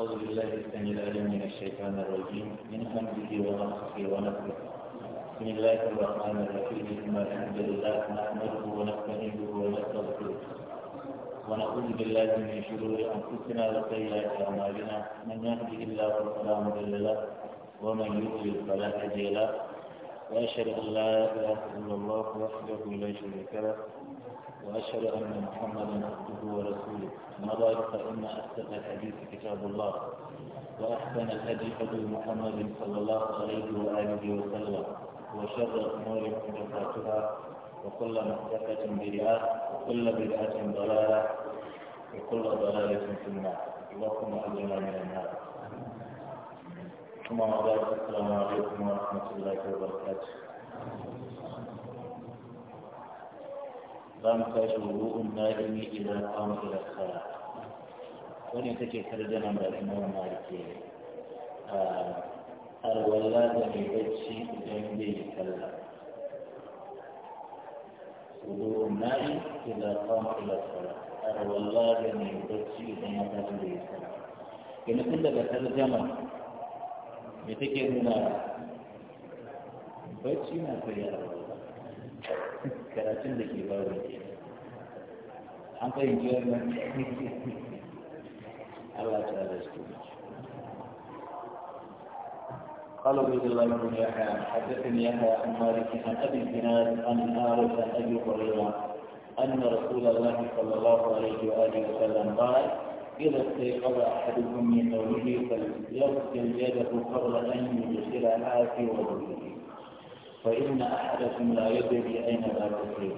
أعوذ بالله السميع العليم من الشيطان الرجيم من حمده ونفسه ونفسه بسم الله الرحمن الرحيم إن الحمد لله نحمده ونستعينه ونستغفره ونعوذ بالله من شرور أنفسنا وسيئات أعمالنا من يهده الله فلا مضل له ومن يضلل فلا هادي له وأشهد أن لا إله إلا الله وحده لا شريك له وأشهد أن محمدا عبده ورسوله أما بعد فإن أصدق الحديث كتاب الله وأحسن الهدي هدي محمد صلى الله عليه وآله وسلم وشر الأمور محدثاتها وكل محدثة بدعة وكل بدعة ضلالة وكل ضلالة في النار اللهم أجرنا من النار ثم بعد السلام عليكم ورحمة الله وبركاته قام كاش النائم إذا قام إلى الصلاة وني تكي ترجمة الإمام مالكي الولاد من بجي جنبي كلا وضوء النائم إذا قام إلى الصلاة الولاد من آه، بجي جنبي كلا كما كنت بترجمة متكي هنا بجي ما في الولاد karatun da ke bawa ke an fahimci wannan Allah ta da su قال عبيد الله بن يحيى حدثني يحيى عن مالك عن ابي الدينار عن الحارث عن ابي هريره ان رسول الله صلى الله عليه واله وسلم قال إذا استيقظ أحدكم من نومه فليغسل يده قبل أن يدخلها في وضوئه فإن أحدكم لا يدري أين ذاك الخير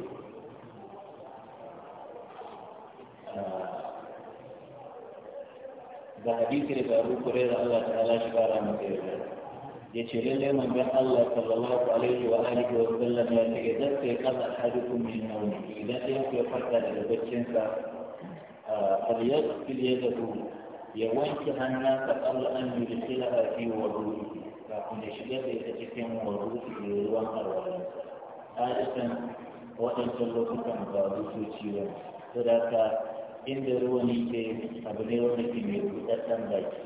دا حدیث لري ابو كريرة الله تعالى شکاره مکه ده چې چیرې أن الله صلى الله عليه وآله وسلم يقول سلم نه چې د من نوم إذا دې په فرض د بچن يده په دې کې ان يدخلها في کوي kafin ya shiga da ita cikin marufi ruwan alwalansa aishan waɗancan lokutan ba butoci ba to da ka inda ruwan yake abu ne wanda ke mai buɗaɗɗen baki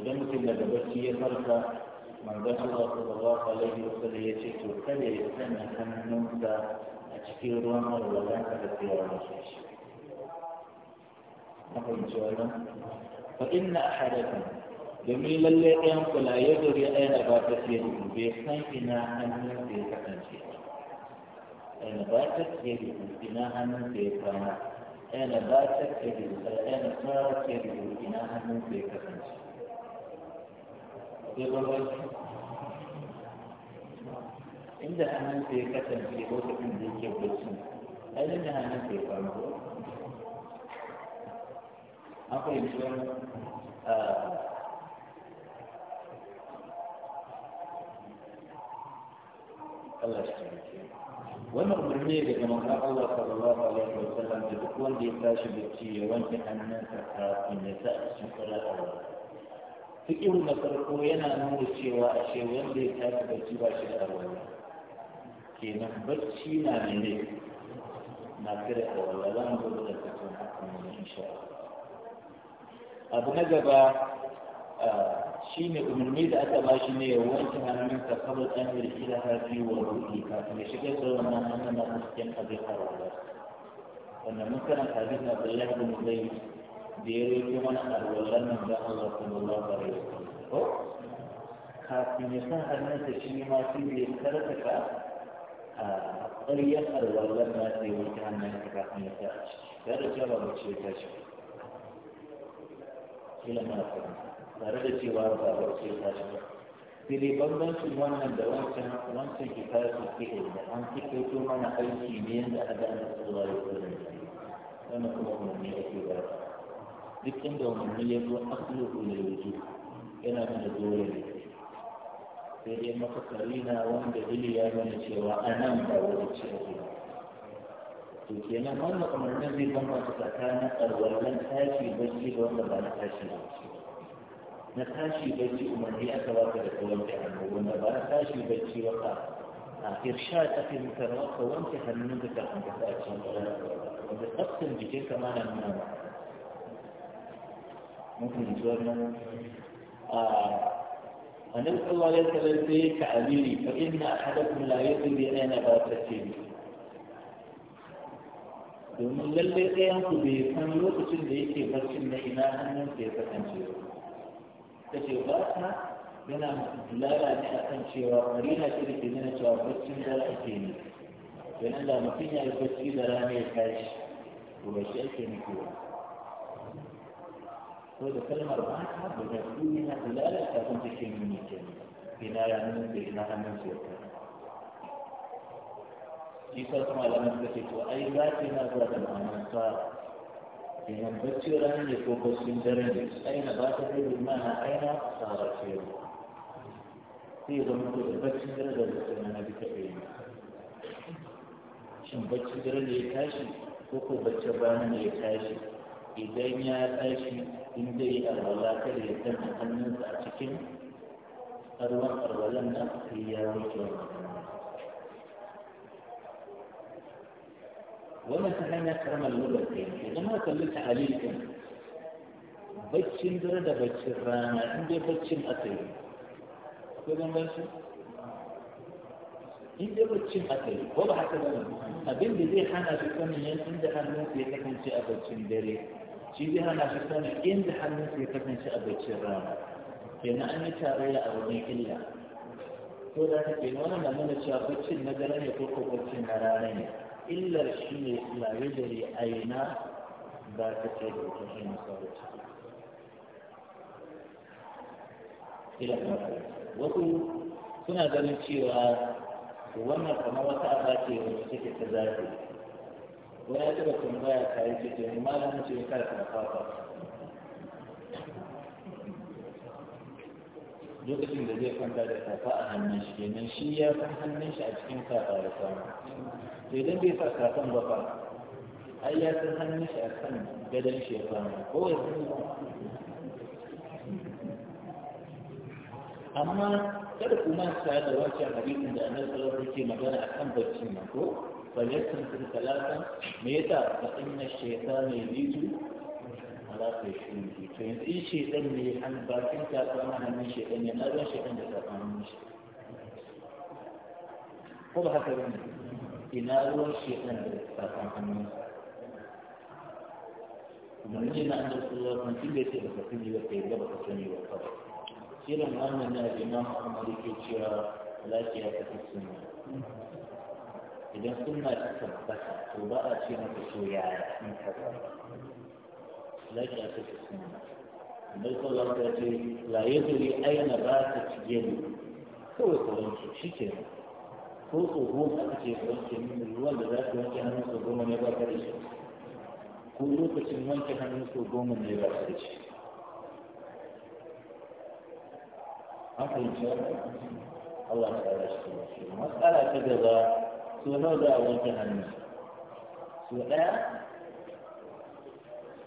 idan mutum daga barci ya farka manzon Allah sallallahu alaihi wa sallam ya ce to kada ya sanya hannunsa a cikin ruwan alwalansa da sai ya rushe shi. Na fahimci wannan. Fa inna ahadakum domin lalle ɗayan kula ya zuri aina ba ta fiye da bai san ina hannun da ya kasance aina ba ta fiye da ina hannun da ya kwana aina ba ta fiye da aina ta fiye da ina hannun da ya kasance sai bambanci inda hannun da ya kasance lokacin da yake bacci aina da hannun da ya kwana akwai shi Allah shi taimake wannan umarni daga manzon Allah sallallahu alaihi wa sallam da duk wanda ya tashi bacci ya wanke hannunsa kafin ya sa a cikin sallar fikiru na farko yana nuna cewa a ce wanda ya tashi bacci ba shi da arwala kenan bacci na mene na kare arwala za mu gudu da tattun hakan wani insha abu na gaba ah, shine umarni da aka ba shi ne ya wanke hannunsa kawai an yi rikila hafi wa rufi kafin ya shiga da wannan hannun na cikin abin harawa wannan mun karanta hadisin Abdullah bin Zayd da ya roƙi mana alwalar nan da Allah sallallahu alaihi wasallam ko kafin ya san hannunsa shi ma shi ne karkata a ƙaryar alwalar na sai wanke hannunsa kafin ya sa ya da cewa ba mu ce ta shi kila mana fahimta tare da cewa ba a ce ta shi ba sai bambancin wannan da wancan wancan kitabu ke da an fito mana aiki ne yadda aka ana tsawa ya kula da shi wannan kuma umarni ake ba duk inda umarni ya zo asulu kula ya da yana mana dole ne sai dai makasari na wanda dili ya mana cewa a nan ba wani ce ake ba to kenan wannan umarnin zai bambanta tsakanin alwalan tashi bacci da wanda ba na tashi bacci نقاشي بيتي أمانية تواكد قولك عنه ونبارة قاشي بيتي وقا إرشاد أخي مكرمات قولك عن نمتك عن كفاءك وبتقسم بجي كمان المنامة ممكن نزورنا آه. أنا أقول الله يتبع فيك عليلي فإن أحدكم لا يقضي أنا باتتين dominin lalle ɗayan ku bai san lokacin da yake barcin na ina hannun ke kasancewa ta ce ba ta yana lala ne a kan cewa marina ce da ke nuna cewa baccin da ake ne kenan da mutum ya yi bacci da rana ya tashi to ba shi ake nufi ba ko da kalmar ba ta ba da su yana da lala ta kun ta ke nuni ke ina ya nuna da ina hannun su ya kai shi sa kuma alamar da ke to ai za ta yana zuwa da ma'anar sa idan bacci rana ne ko baccin dare ne aina ba ta kai mana aina sahabar ce sai zama ko da bacci dare da baccin rana duka ɗaya ne shin bacci dare ne ya tashi ko ko bacci rana ne ya tashi idan ya tashi in zai yi alwala kada ya danna hannunsa a cikin ruwan alwalan na sai ya wuce wannan wannan ta hanya karamar lugar kai idan ma kalli ta alikin baccin dare da baccin rana in dai baccin aka yi akwai bambanci in dai baccin aka yi ko ba haka ba abin da zai hana shi sanin yankin da hannun ya kasance a baccin dare shi zai hana shi sanin inda hannun ya kasance a baccin rana kenan an yi tarayya da wajen illa ko da haka kenan wannan na nuna cewa baccin na dare ne ko ko baccin na rana ne illar shi ne labe gari aina ba ta ce da wata shi na sauri ila wasu suna ganin cewa wannan kamar wata aba ce wacce take ta zafi wani ya taɓa tambaya ta yi cikin to malam ce ya kara karfafa lokacin da zai kwanta da safa a hannun shi kenan shi ya san hannun shi a cikin safa ya samu to idan bai sa safan ba fa ai ya san hannun shi a kan gadon shi ya samu ko ya san amma kada ku sa da wancan hadisin da annabi sallallahu alaihi wasallam magana akan bacci ma ko da salatan me yasa fa inna shaytana yajidu halaka shi ne to yanzu in shedan ne an bakin tafan hannun shedan ya na zan shedan da ta hannun shi ko ba haka bane ina ruwan shedan da tafan hannun shi? kuma ni na da Allah kan tinda ce da kafin yi wata yadda ba ka sani ba kawai da wannan na imam Ahmad yake cewa lafiya ta sunna idan sunna ta tabbata to ba a ce maka so yaya in ka zaki a kashe annabi sallallahu alaihi wasallam ya ce la yadri aina ba ta tijeni kawai ka wanke shi ke ko tsoho aka ce ka wanke min ruwan da za ka wanke hannun sau goma ne ba ka da shi ko lokacin wanke hannun sau goma ne ba ka da shi an fahimci Allah a wanke hannu so ɗaya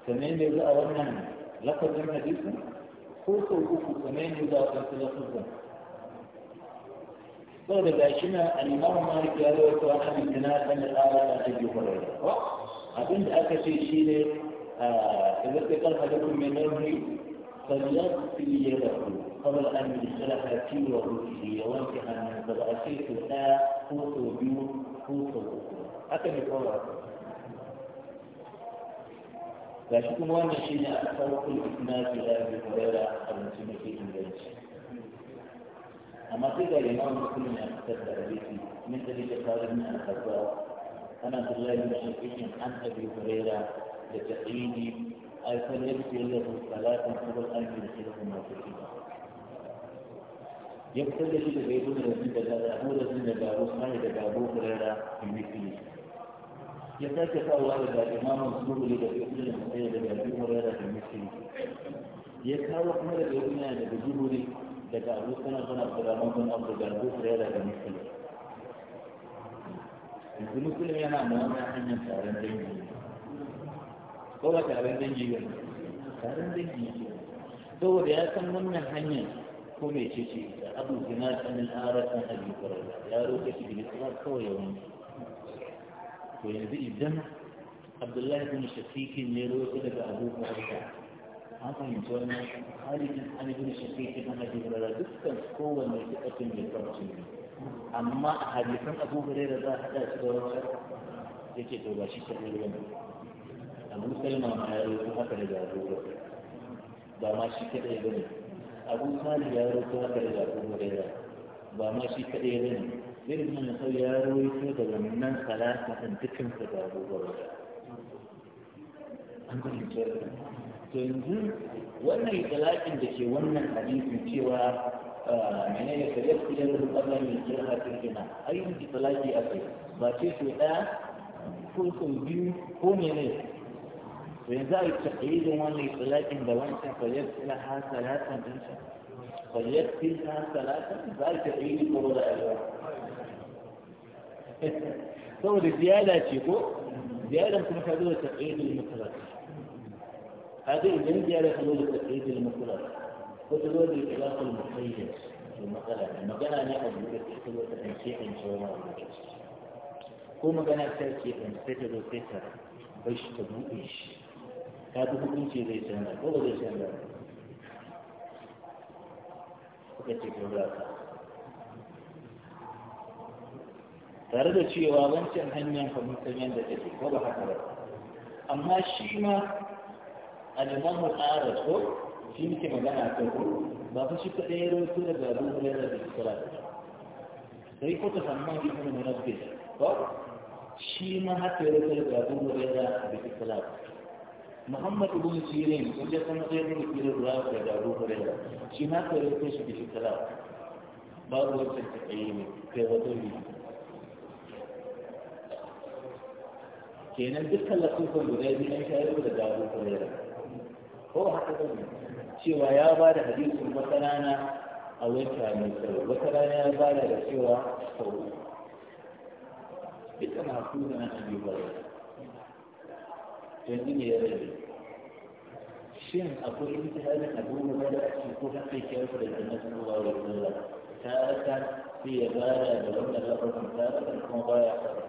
تمام يجاء ومن لقد من حديثه قلت وقفوا تمام يجاء وانتظر صدر قال بعشنا أن مر مالك هذا وكان أبي الزنا أن الآلة أجد يقرر أبن أكا شيء شيء آه، إذا تقل حدكم من نوري فليغفر يده قبل أن يسلح في وروحه يوانك أن يبقى شيء فتاة قوت وجود قوت وقوت أكا يقرر ga shi kuma wannan shi ne a farkon isnadi da ake koyarwa a mutum mafi inganci amma sai ga limamin musulmi a fitar da hadisi min da rike tsarin na alfarwa ana tullahi da shakikin an abi hurera da ta'ini a kan yadda ya zafi salatin kuma an yi da shirin masu kima ya fitar da shi da bai gudu da zai da zaɓu da zai da gabu sai da gabu hurera in yi ya sake kawowa daga imamun zubuli da ibn al-musayyib daga abu hurairah da muslim ya kawo kuma daga ibn daga zubuli daga abu sanar bin abdurrahman bin abu da abu hurairah da muslim yanzu muslim yana da wannan hanyar taron dangi ko ba taron dangi ba taron dangi ne saboda ya san wannan hanyar ko mai ce ce da abu zina sanin arasan abu hurairah ya roƙe shi da kawai yawanci to yanzu idan abdullahi bin shafikin ne roƙi daga abu hurairah an fahimci wannan halin an bin shafikin an abu da dukkan kowanne kitabin da farci ne amma a hadisan abu da za a haɗa su da wancan yake to ba shi kaɗai ba ne abu salma ma ya roƙi haka daga abu ba ma shi kaɗai ba ne abu salih ya roƙi haka daga abu ba ma shi kaɗai ba ne zai ibn nasau ya rawaito da wannan salasa din dukkan su da abubuwa an fahimci to yanzu wannan itlaqin da ke wannan hadisin cewa ah, menene ka yafi da rubu Allah mai jirha kirkina ai a kai. ba ce to ɗaya ko ko biyu ko menene to yanzu a yi taƙayyidin wannan itlaqin da wancan ka yafi na hasalatan din sa طيب، فليكفلها ثلاثة ذلك تعيني قرود الألوان ثم الزيادة تشيكو زيادة مثل حدود التقعيد للمثلث هذه من زيادة حدود التقعيد للمثلث وتدور الخلاف المقيد المقالة المقالة أن يأخذ بكثير وتنشيح إن شاء الله ko magana ta إن in sai ta zo sai ta bai shi ta buɗe shi ta buɗe suka ce ko ka tare da cewa wancan hanyar fahimtar yadda take ko ba haka ba amma shi ma a alimamu tsara ko shi muke magana a kai ba ku shi kaɗai ya rawaito da gabu hulera da kira isra sai ko ta samu mafi kuma munabbi ko shi ma haka ya rawaito da gabu hulera da kira da isra muhammad ibn sirin kun je san da ibn sirin ruwa da dabu hurairah shi ma kai yake shi bishi kala babu wata kai ne kai wata ne kenan dukkan lafifan guda biyu an shayar da dabu hurairah ko haka ne cewa ya ba da hadisin wata rana a wata mai tsawo wata rana ya ba da cewa sau duka masu na abubuwa yanzu ne ya rage shin akwai ita halin abin da za a ci ko haka ke da jannatin ruwa wa Allah ta rasa sai ya bada da wanda lafafin ta rasa kuma baya fara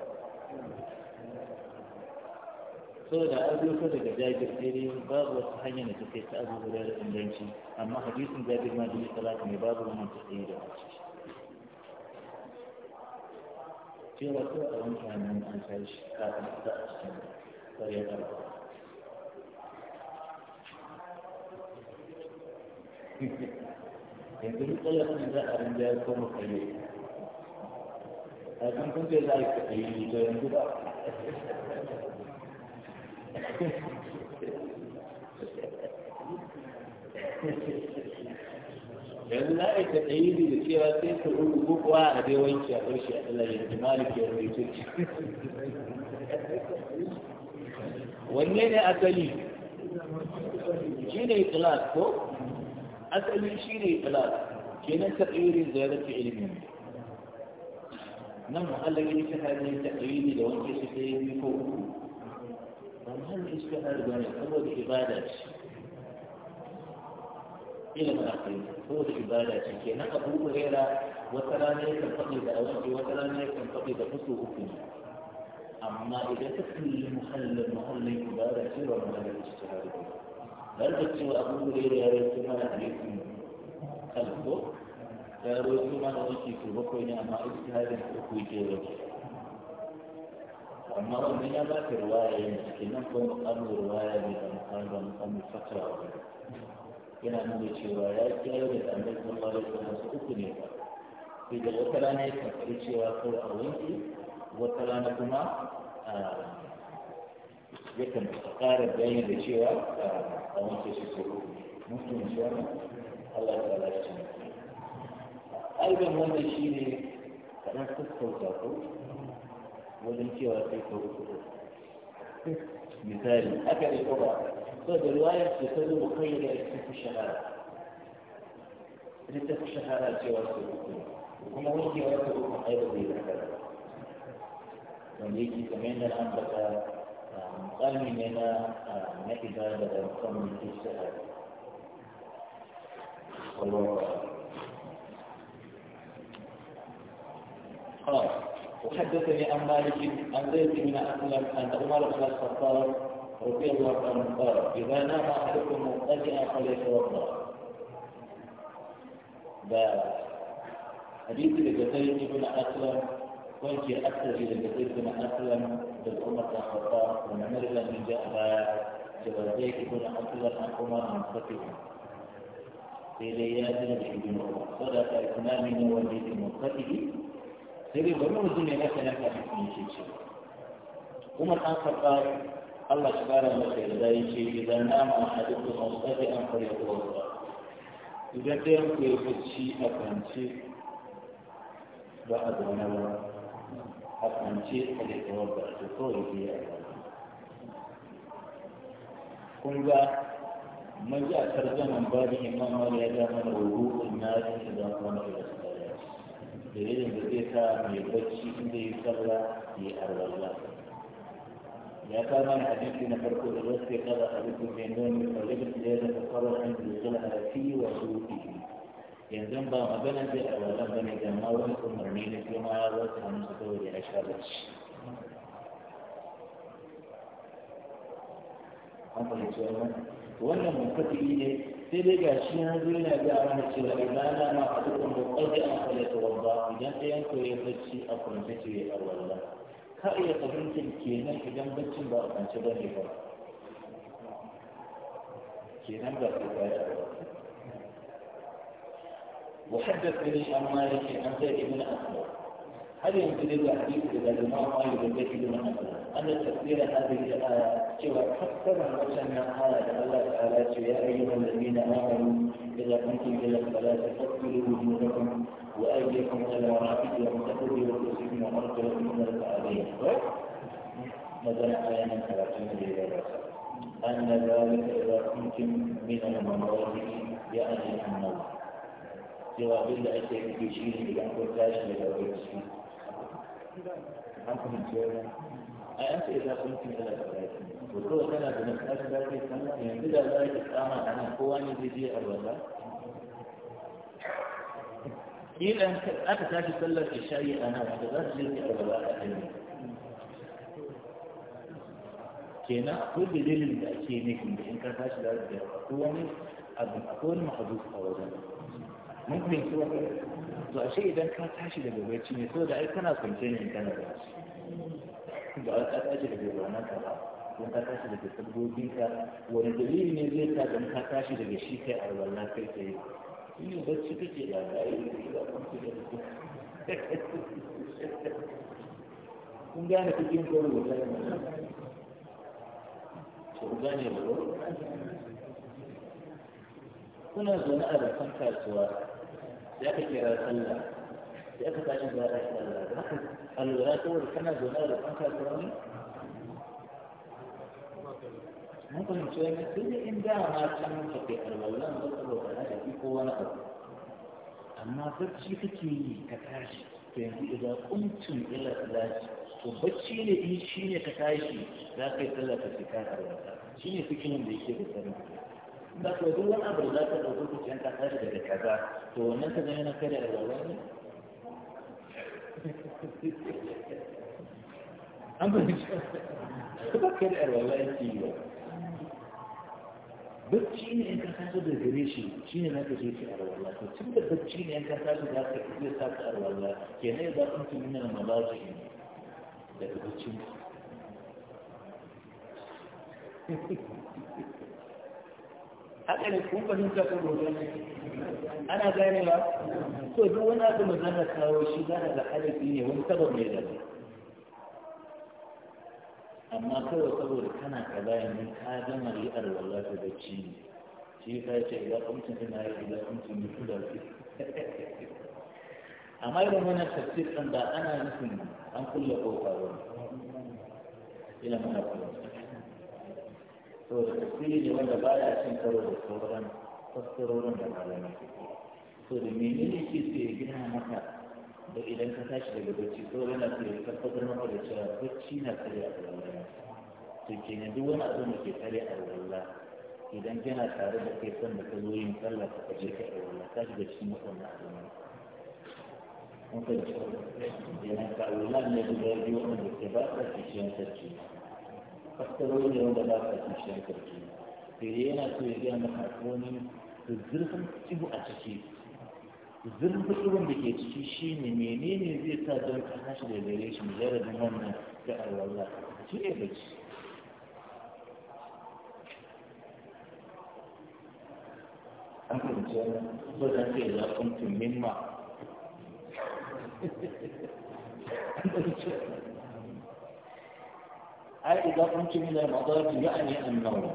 saboda an zo daga jabir sai dai babu wasu hanyar da take ta abu guda da inganci amma hadisin jabir ma dole talaka ne babu wannan ta tsaye da mace cewa ko a wanka nan an tashi kafin a cikin ƙarya ƙarya yanzu duk ƙarya za a rinja ko makarai a kan kun za a yi kaɗai yanzu ba yanzu za a yi kaɗai da cewa sai rubu kuwa a dai wanki a ƙarshe a wanne ne asali shi ne ikilas ko asali shi ne ikilas ke nan taɗirin ziyararci ilimin nan muhallin ita hanyar taɗiri da wanke shi ta yi ko uku ba muhallin ita hanyar gane saboda ibada ce ilimin akwai saboda ibada ce kenan nan abu wata rana ya kan faɗi da awaki wata rana ya kan faɗi da fuso uku أما إذا تكل مخلد مخلد مبارك سوى مبارك اجتهاد هل بتسوى أبو هريرة يا ريت ما عليكم خلقه يا ريت ما نوتيكم بكوني أما اجتهاد أخوي جيرك أما من أباك رواية مسكينة فمقام رواية بمقام مقام الفترة yana nuna cewa ya kira da annabi sallallahu alaihi wasallam su uku ne ba sai da wata rana ya kafiri cewa kar a wanke wata rana kuma yakan ƙara bayani da cewa a wanke shi ko mutum shi wannan Allah ta ala shi alban wannan shi ne kaɗan sassauta ko wajen cewa sai ko misali aka ne ko ba so da ruwayar su ta zo mukayyada ita fi shahara ita ta fi shahara cewa su kuma wankewa ta uku aibu bai zakara wanda yake kamar yadda na ambata kalmi ne na na وحدثني عن مالك عن زيد بن اسلم ان عمر بن الخطاب رضي الله عنه قال اذا نام احدكم مبتدئا فليتوضا ده حديث لجزيد بن اسلم كنت أكثر إلى البيت بن أسلم بن عمر بن الخطاب ومن الذي جاء جبل جوازيك بن أسلم عن عمر منقطع في ليالي بن عمر صدق إتمامنا والبيت المنقطع سيري بنو الدنيا مثلا كان في شيء عمر بن الخطاب الله سبحانه وتعالى إذا نام أحدكم مصطفئا الله إذا كان في شيء أكن شيء بعد ما a kwance a da tsawon ba su kawai ke yi a kun ga maji a tarzaman da imam mali ya ga mana rubutun na rikin da kuma na da da yin da zai ta mai bacci inda ya sarra ya arwalla ya ta mana abinci na farko da wasu ya kada a rukun mai nuni a rikin da ya zaka fara an da zai harafi wa su yanzu ba magana zai a wannan bane da ma wani umarni ne kuma ya zo ta hannu saboda ya sha bacci an fahimci wannan wannan mutafi ne sai dai ga shi na zo yana da ana cewa idan na ma a dukkan bukati an kare ta wabba idan ɗayan ko ya bacci a kwanta ce ya arwalla ka iya fahimtar kenan idan baccin ba a kwance ba ne ba kenan ba ta. kwanta ba وحدثني عن مالك عن زيد بن اسلم هل يمكن الحديث الى الامام مالك بن زيد بن اسلم ان تفسير هذه الايه سوى فسر وسمى هذا الله تعالى يا ايها الذين امنوا اذا كنتم الى الصلاه فاغسلوا وجوهكم وايديكم الى مرافق وامسكوا برؤوسكم وارجلكم آية من الكعبين نزل ايانا ثلاثين ليله ان ذلك اذا كنتم من المناظر يعني ان الله جوابين لأسيك بيشين إلى أقول كاش من أقول بيشين عنكم الجوابين أنت إذا كنت من الأسرائيل وكل سنة بنفس ذلك السنة ينبدا ذلك الأمر عن القوان الجديدة الوزارة إذا أنت تاجي تلك الشيء أنا أتغسل في الوزارة كنا كل دليل من الأشياء نكمل إن كان تاجي ذلك القوان أكون مخدوث أولا mun fahimci ba to ashe idan ka tashi daga barci ne da ai kana kwance ne kana barci ba ka tashi daga wannan ka ba don ka tashi daga sabbobin ka wani dalili ne zai sa don ka tashi daga shi kai a wannan kai tsaye yin barci kake da gari da kwanci da su kun gane cikin kawai wata yana ku gane ba kuna zaune a rafin kasuwa ya ka kira sallah ya ka tashi da ya sallah da haka alwala ta wuri kana zaune da kanka kurani mun fahimci wani tun da in da ma can ka kai alwala ba saboda na jiki ko wani abu amma bacci kake yi ka tashi to yanzu idan kuntun ila salati to bacci ne in shi ne ka tashi za ka yi sallah ka fi kan alwala shi ne fikirin da yake da sanin za ka duk wani abu da za ka ɗauko kuciyan ka tashi daga kaza to wannan ka zama na kada da wani an ba shi ba kada da wani yake yi ba bacci ne in ka taso da gare shi shi ne zaka je ki arwala to tun da bacci ne in ka za ka iya sa ka arwala kenan ya zaɓin tun yana da mazaji ne daga haka ne kun fahimta ko gobe ana gane ba to duk wani abu da zan kawo shi zan ne wani sabon ne da amma kawai saboda kana kaza yanzu ka gama ri'ar wallahi da ci ne shi ka ce idan kamcin na yi idan kamcin ne kula ce amma irin wannan tafsir ɗin ba ana nufin an kulle ƙofa ba ila mana kuma saboda tafsiri ne wanda ba ya cin karo da sauran fassarorin da malamai suke so da menene ke so ya gina maka da idan ka tashi daga bacci ko na so ya tabbatar maka da cewa bacci na tsare a walwala to kenan duk wani abu da ke tsare a walwala idan kana tare da kai son da ka zo yin sallah ka je ka walwala ka shiga cikin wannan abu ne mun fahimci wannan yana ka walwala ne guda biyu da ke ba ka cikin sarki fastarori ne wanda ba sa kishiyar karfi sai yana so ya gaya maka wani zurfin tsibu a ciki zurfin tsibun da ke ciki shi ne ne zai sa don ka tashi da gare shi mujarradin wannan da alwala shi ne bacci an fahimci ba za ka yi zaɓen tummin ma an أي إذا قمت من المضاجع يعني النوم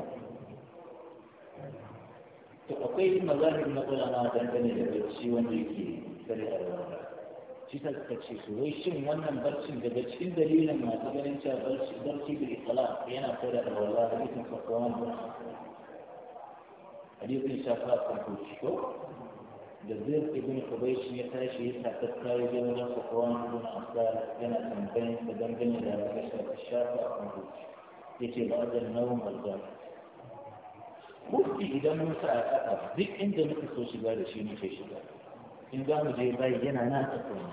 تقطيع المذاهب نقول أنا دنبني لبيتشي ونريكي فريق الوضع شيء تكشي سويشن ونن برسن دبتشي دليل ما تقول انت برشي برشي بالإطلاق أنا فريق الوضع حديث مفقوان حديث إن شاء تنكوش شوك da zai ibn shi ya tashi ya tafi kayo da wajen sakawan ibn asal yana tambayin sa dangane da ya shafi shafa a kan hukunci ya ce ba zan nawon malzar mufti idan mun sa a ƙasa duk inda muka so shiga da shi muke shiga in za mu je bayi yana na tsakanin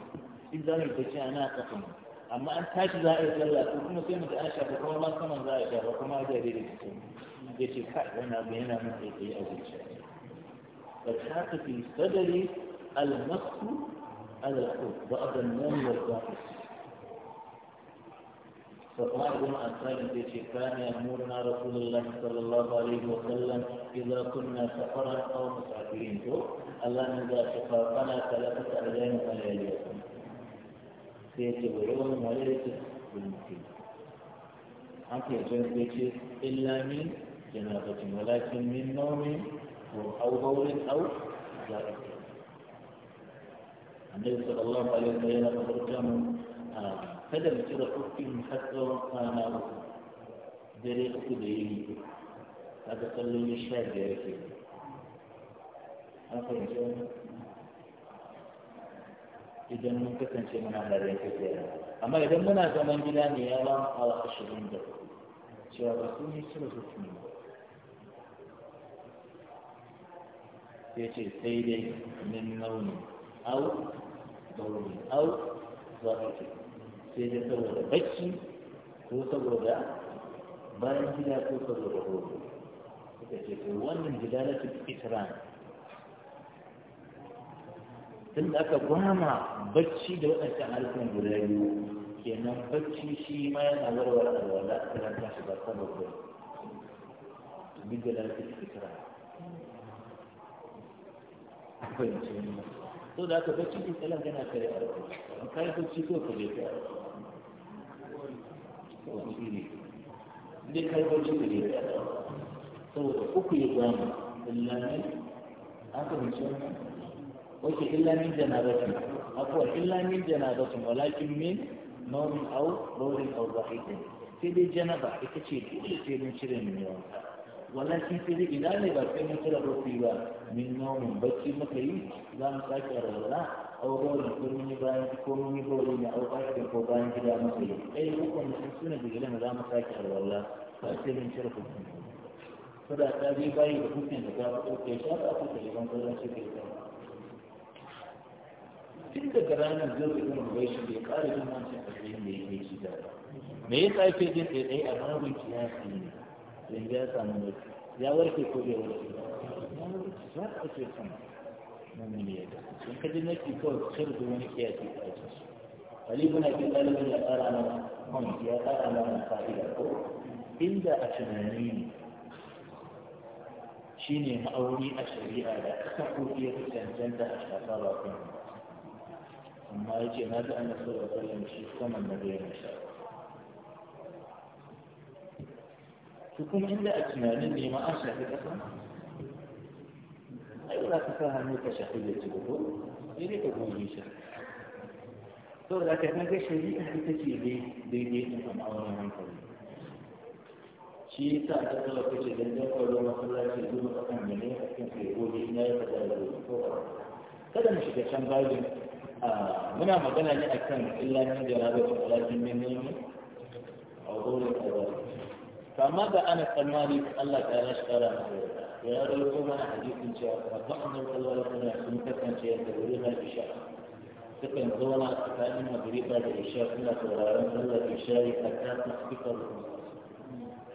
in za mu yi na ana mu. amma an tashi za a yi sallah ko kuma sai mu ji an shafa kuma ma saman za a shafa kuma a ga daidai da su ya ce kai wani abu yana mun tsaye a zuciya والحاق في الصدر المسك على الخوف بعد النوم والباحث فقال ابن أسالم في كان يأمرنا رسول الله صلى الله عليه وسلم إذا كنا سفرا أو مسافرين الله إذا شفاقنا ثلاثة أيام فليليكم سيأتي ويوم وليلة بالمسلم أنت يا جنب إلا من جنابة ولكن من نوم أو بول أو جائع النبي صلى الله عليه وسلم أخرجهم آه، فدم ترى أختهم حتى كان دري أختي هذا قال لي الشاب جاي في إذا ممكن تنسي من أهل الرئيس الزيارة أما إذا منا زمن بلا نيالا على أشهر من دفعه سيارة سنة سنة سنة sai ce sai dai min nauni au gauri au ce sai dai saboda bacci ko saboda bayan gida ko saboda rogo suka ce to wannan jilalatu itran tun da aka gwama bacci da waɗancan harkar guda biyu kenan bacci shi ma yana warwar alwala karanta shi ba saboda duk jilalatu itran fahimci so da aka bacci din tsalan gana kare in ka yi bacci ko ka zai kare ne ka yi bacci ka zai kare saboda uku ya gano illami an fahimci wannan wace illamin bacci akwai illamin janabatin walakin min naumin au raurin au ne. sai dai janaba ita ce dole sai mun cire min yawan wannan shi sai ina ne ba sai mun rufi ba min nomin bacci muka yi za mu sake rarra au gaurin ko bayan ko ne au ko bayan gida muka yi ɗaya hukun mutum suna digilan za mu sake rarra ba sai mun kira hukun saboda ta bi bayi da hukun da ta ɗauke shafa ku ta ban sauran shi ke ta tun daga ranar zai ga irin bai shi bai ƙara jin wancan da ya ke shi da me yasa yake jin ɗaiɗai a ranar kiyasi ne yanzu ya samu ya warke ko bai warke ya warke za ka ake son mummuni ya dace sun kaji kawai da wani kiyasi a cikin Ali ibn Abi Talib ya tsara mana ya tsara mana fa'ida ko inda a tunani ne shine ma'auni a shari'a da aka koki ya cancanta a shafa ba kuma amma ya na ga annabi sallallahu alaihi wasallam shi saman na bayan shafa su kuma inda a tunanin ne ma an shafi ƙasa ai ba ka sa hannu ka shafi da ko sai dai ka goge shi saboda ka kaga shari'a ita ce daidai ɗin a ma'aunin hankali shi yasa ta kala kace dan dan kwaro masallaci zuwa kasan da ne a cikin sai ko muna magana ne akan illa min jarabe da alatin min ne a wurin azaba فماذا أنا سمالي الله تعالى اشترى يا رب أنا حديث إن شاء الله فأنا الله لنا سمتك أن شاء الله بشأن سكن زونا فإن مدريبا الاشاء كما تغيرون الله الاشاء حتى تخفيق الخمس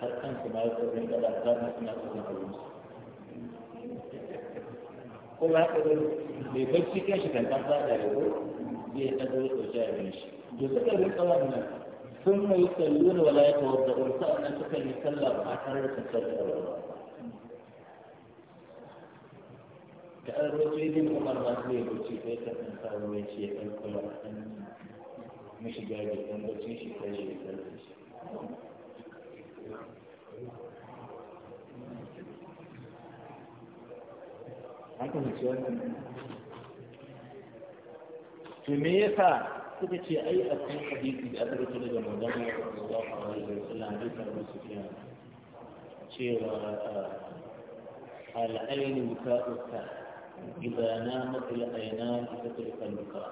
حتى كما يقول عند الأفكار كما يقول الخمس قل هكذا بيبكي كاشف عن بعض هذا يقول بيتدور وجاء بنش جزء من طلبنا sun mai salluna wala ya tawar da ulsa suka yi sallah ba tare da sun ba da an roƙo yi din umar ba su yi wuce sai ka san samu ya ce ɗan kula ɗan mishi gari ɗan bacci shi kai ya sarki shi an fahimci wannan to me yasa suka ce ai a cikin hadisi da aka rubuta daga manzon sallallahu alaihi wasallam hadisi Abu Sufyan cewa al-ayn muka'uka idza namat al-aynan fatilka al-muka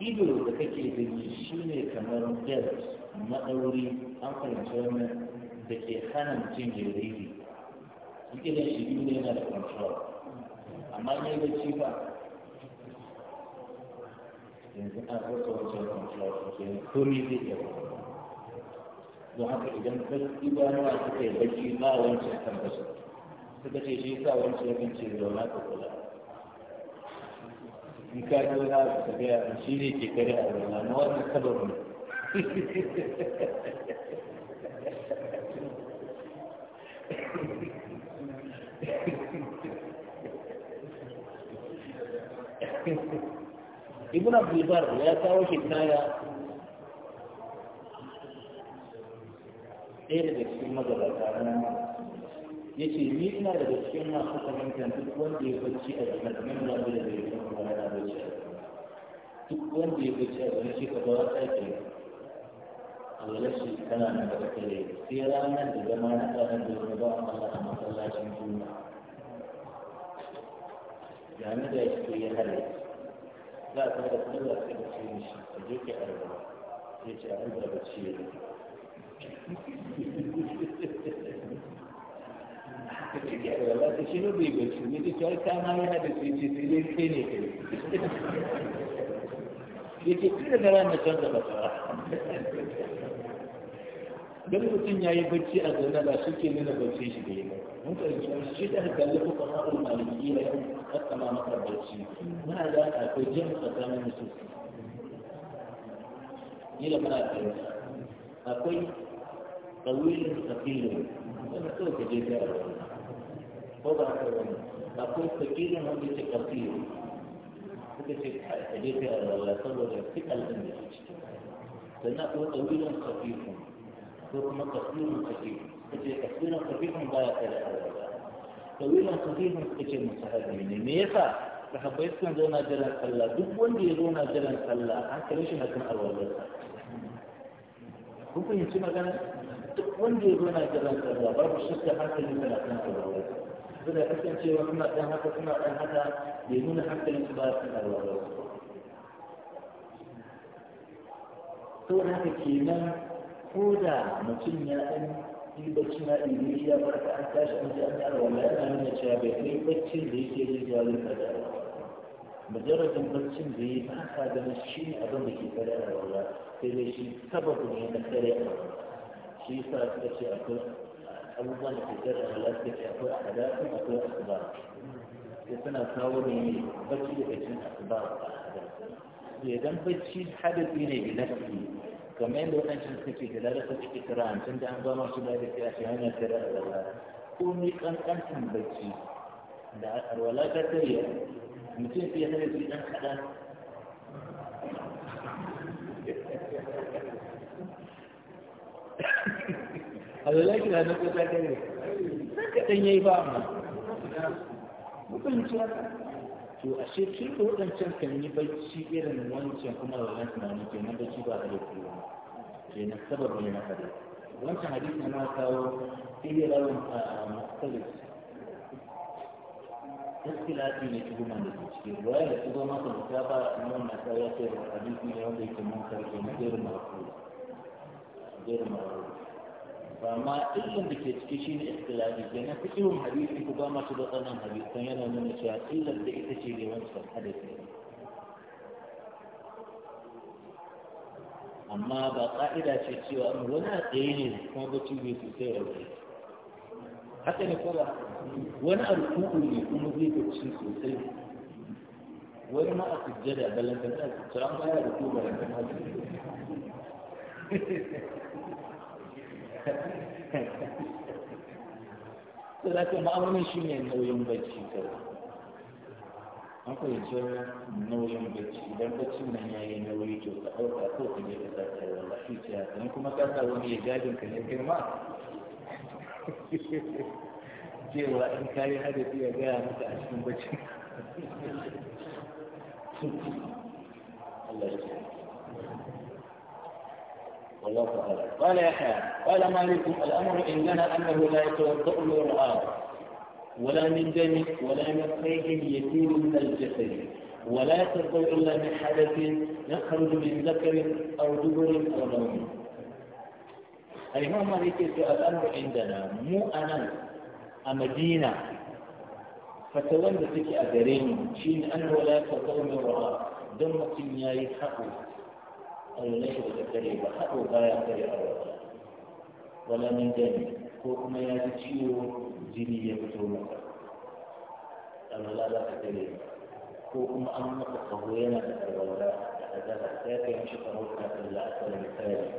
ido da kake gani shine kamar jar madauri an fahimci wannan da ke hana mutum ya rere idan shi ne yana da control amma ne da ci ba yanzu an rasa wancan kamfulashi ke ne komi zai iya ba. don haka idan baki ba na suka yi baki ba wancan kan basu suka ce shi sa wancan ya kance zauna ka kula in ka zo na ka gaya shi ne ke kare a zauna na wannan kabarin ibn abdulbar ya kawo hikaya ɗaya daga cikin magabata na ya ce ni ina daga cikin masu fahimtar duk wanda ya bacci a da nan na da zai yi kuma na bacci a duk wanda ya bacci a jikin shi ka ba wa tsaki a walashi kana na gaba kare sai ranar da zama na tsarin da wani ba a Allah a masallacin juna. Ya Jami'a ya ce ya halatta za a kuma da kuma za a ce da ce mishi a je ke a rabuwa sai ce abin da ce ke a ta shi ne bai bacci ne ta ce ta yana da ce ce sai dai kai ne kai ya ce da ranar canza basara dan mutum ya yi bacci a zaune ba shi ke nuna bacci shi da yi ba mun fahimci wani shi da kalli ko kuma abu maliki ya yi kakkama maka bacci muna da akwai jin tsakanin mutum ni da muna da akwai tsawilin tsakilin wanda kawai ka je da wani ko ba haka wani akwai tsakilin wanda ke tsakilin suka ce ka je gara wani saboda fi kalbin da ke ciki sannan akwai tsawilin tsakilin ثم قصير خفيف kace kasirin kafifin ba ya kai da arewa tawilin kafifin suka ce musu hadari ne me yasa sahabbai sukan zauna jiran sallah duk wanda ya zauna jiran sallah hankalin shi na kan alwalarsa kun fahimci magana duk wanda ya zauna jiran sallah babu shakka hankalin shi na kan alwalarsa suna kasancewa suna ɗan haka suna ɗan haka bai nuna hankalin su ba ya kan alwalarsa saboda haka kenan ko da mutum ya ɗan yi bacci na ɗin ya farka an tashi an ji an yi arwa ya ɗan nuna cewa bai kai baccin da yake yi zuwa zai kada ba. mujarrabin baccin da ya ba ka ganin shi ne abin da ke kada a ba sai dai shi sababu ne na kare arwa shi yasa suka ce akwai abubuwan da ke kada arwa suka ce akwai hadasin akwai asuba sai suna kawo ne bacci da bacin asuba a hadasin idan bacci hadafi ne ga nafi kamar yadda waɗancan suka ce da lalata suke kira an tun da an zama su da ake a shi hanyar kira a lalata ko ni kankantan bacci da alwala ta karya mutum sai ya hana ɗan kaɗan alwala kira na ko ta sai kaɗan ya yi ba ma mutum to a ce tun da waɗancan kan yi bacci irin wancan kuma da wannan tunanin ke nan bacci ba a da kuma ke nan sabab ne na kare wancan hadisi na kawo ilirawun a matsalis taskilafi ne ci goma da ke ciki ruwaya da ci goma kan ta ba a nan na kawo ya ce hadisi ne wanda yake mun karfe na irin marafu irin marafu ba ma illan da ke ciki ne ikhtilafi kenan fiqhun hadisi ku ba masu da tsanan hadisan yana nuna cewa illan da ita ce ne wancan hadisi amma ba ƙa'ida ce cewa wani a tsaye ne kuma bacci bai sosai rauni haka ne kuma wani a ne kuma zai ci sosai wani ma a sujjada balantan a sujjada an baya kuma balantan hajji to za ka ma'aunin shi ne nauyin bacci kawai an fahimci nauyin bacci idan baccin nan ya yi nauyi to ka ɗauka ko ka je ka sata wa lafiya don kuma ka sa wani ya gadin ka ne girma cewa in kayi hadisi ya gaya maka a cikin bacci الله تعالى قال يحيى قال مالك الأمر عندنا أنه لا يتوضأ المرآه ولا من دم ولا من قيد يسير من الجسد ولا يتوضأ إلا من حدث يخرج من ذكر أو دبر أو نوم الإمام مالك الأمر عندنا مو أنا أمدينة فتولى فيك أدرين شين أنه لا يتوضأ المرآه دمك يا يتحقق أن ليس ذكري وحقه لا كري أولا ولا من دم كوكما يجيو جيني يبتو مكا أما لا لا كري كوكما أما تقوينا بأولا هذا الأساس يمشي فروتنا في الله أكثر مثالي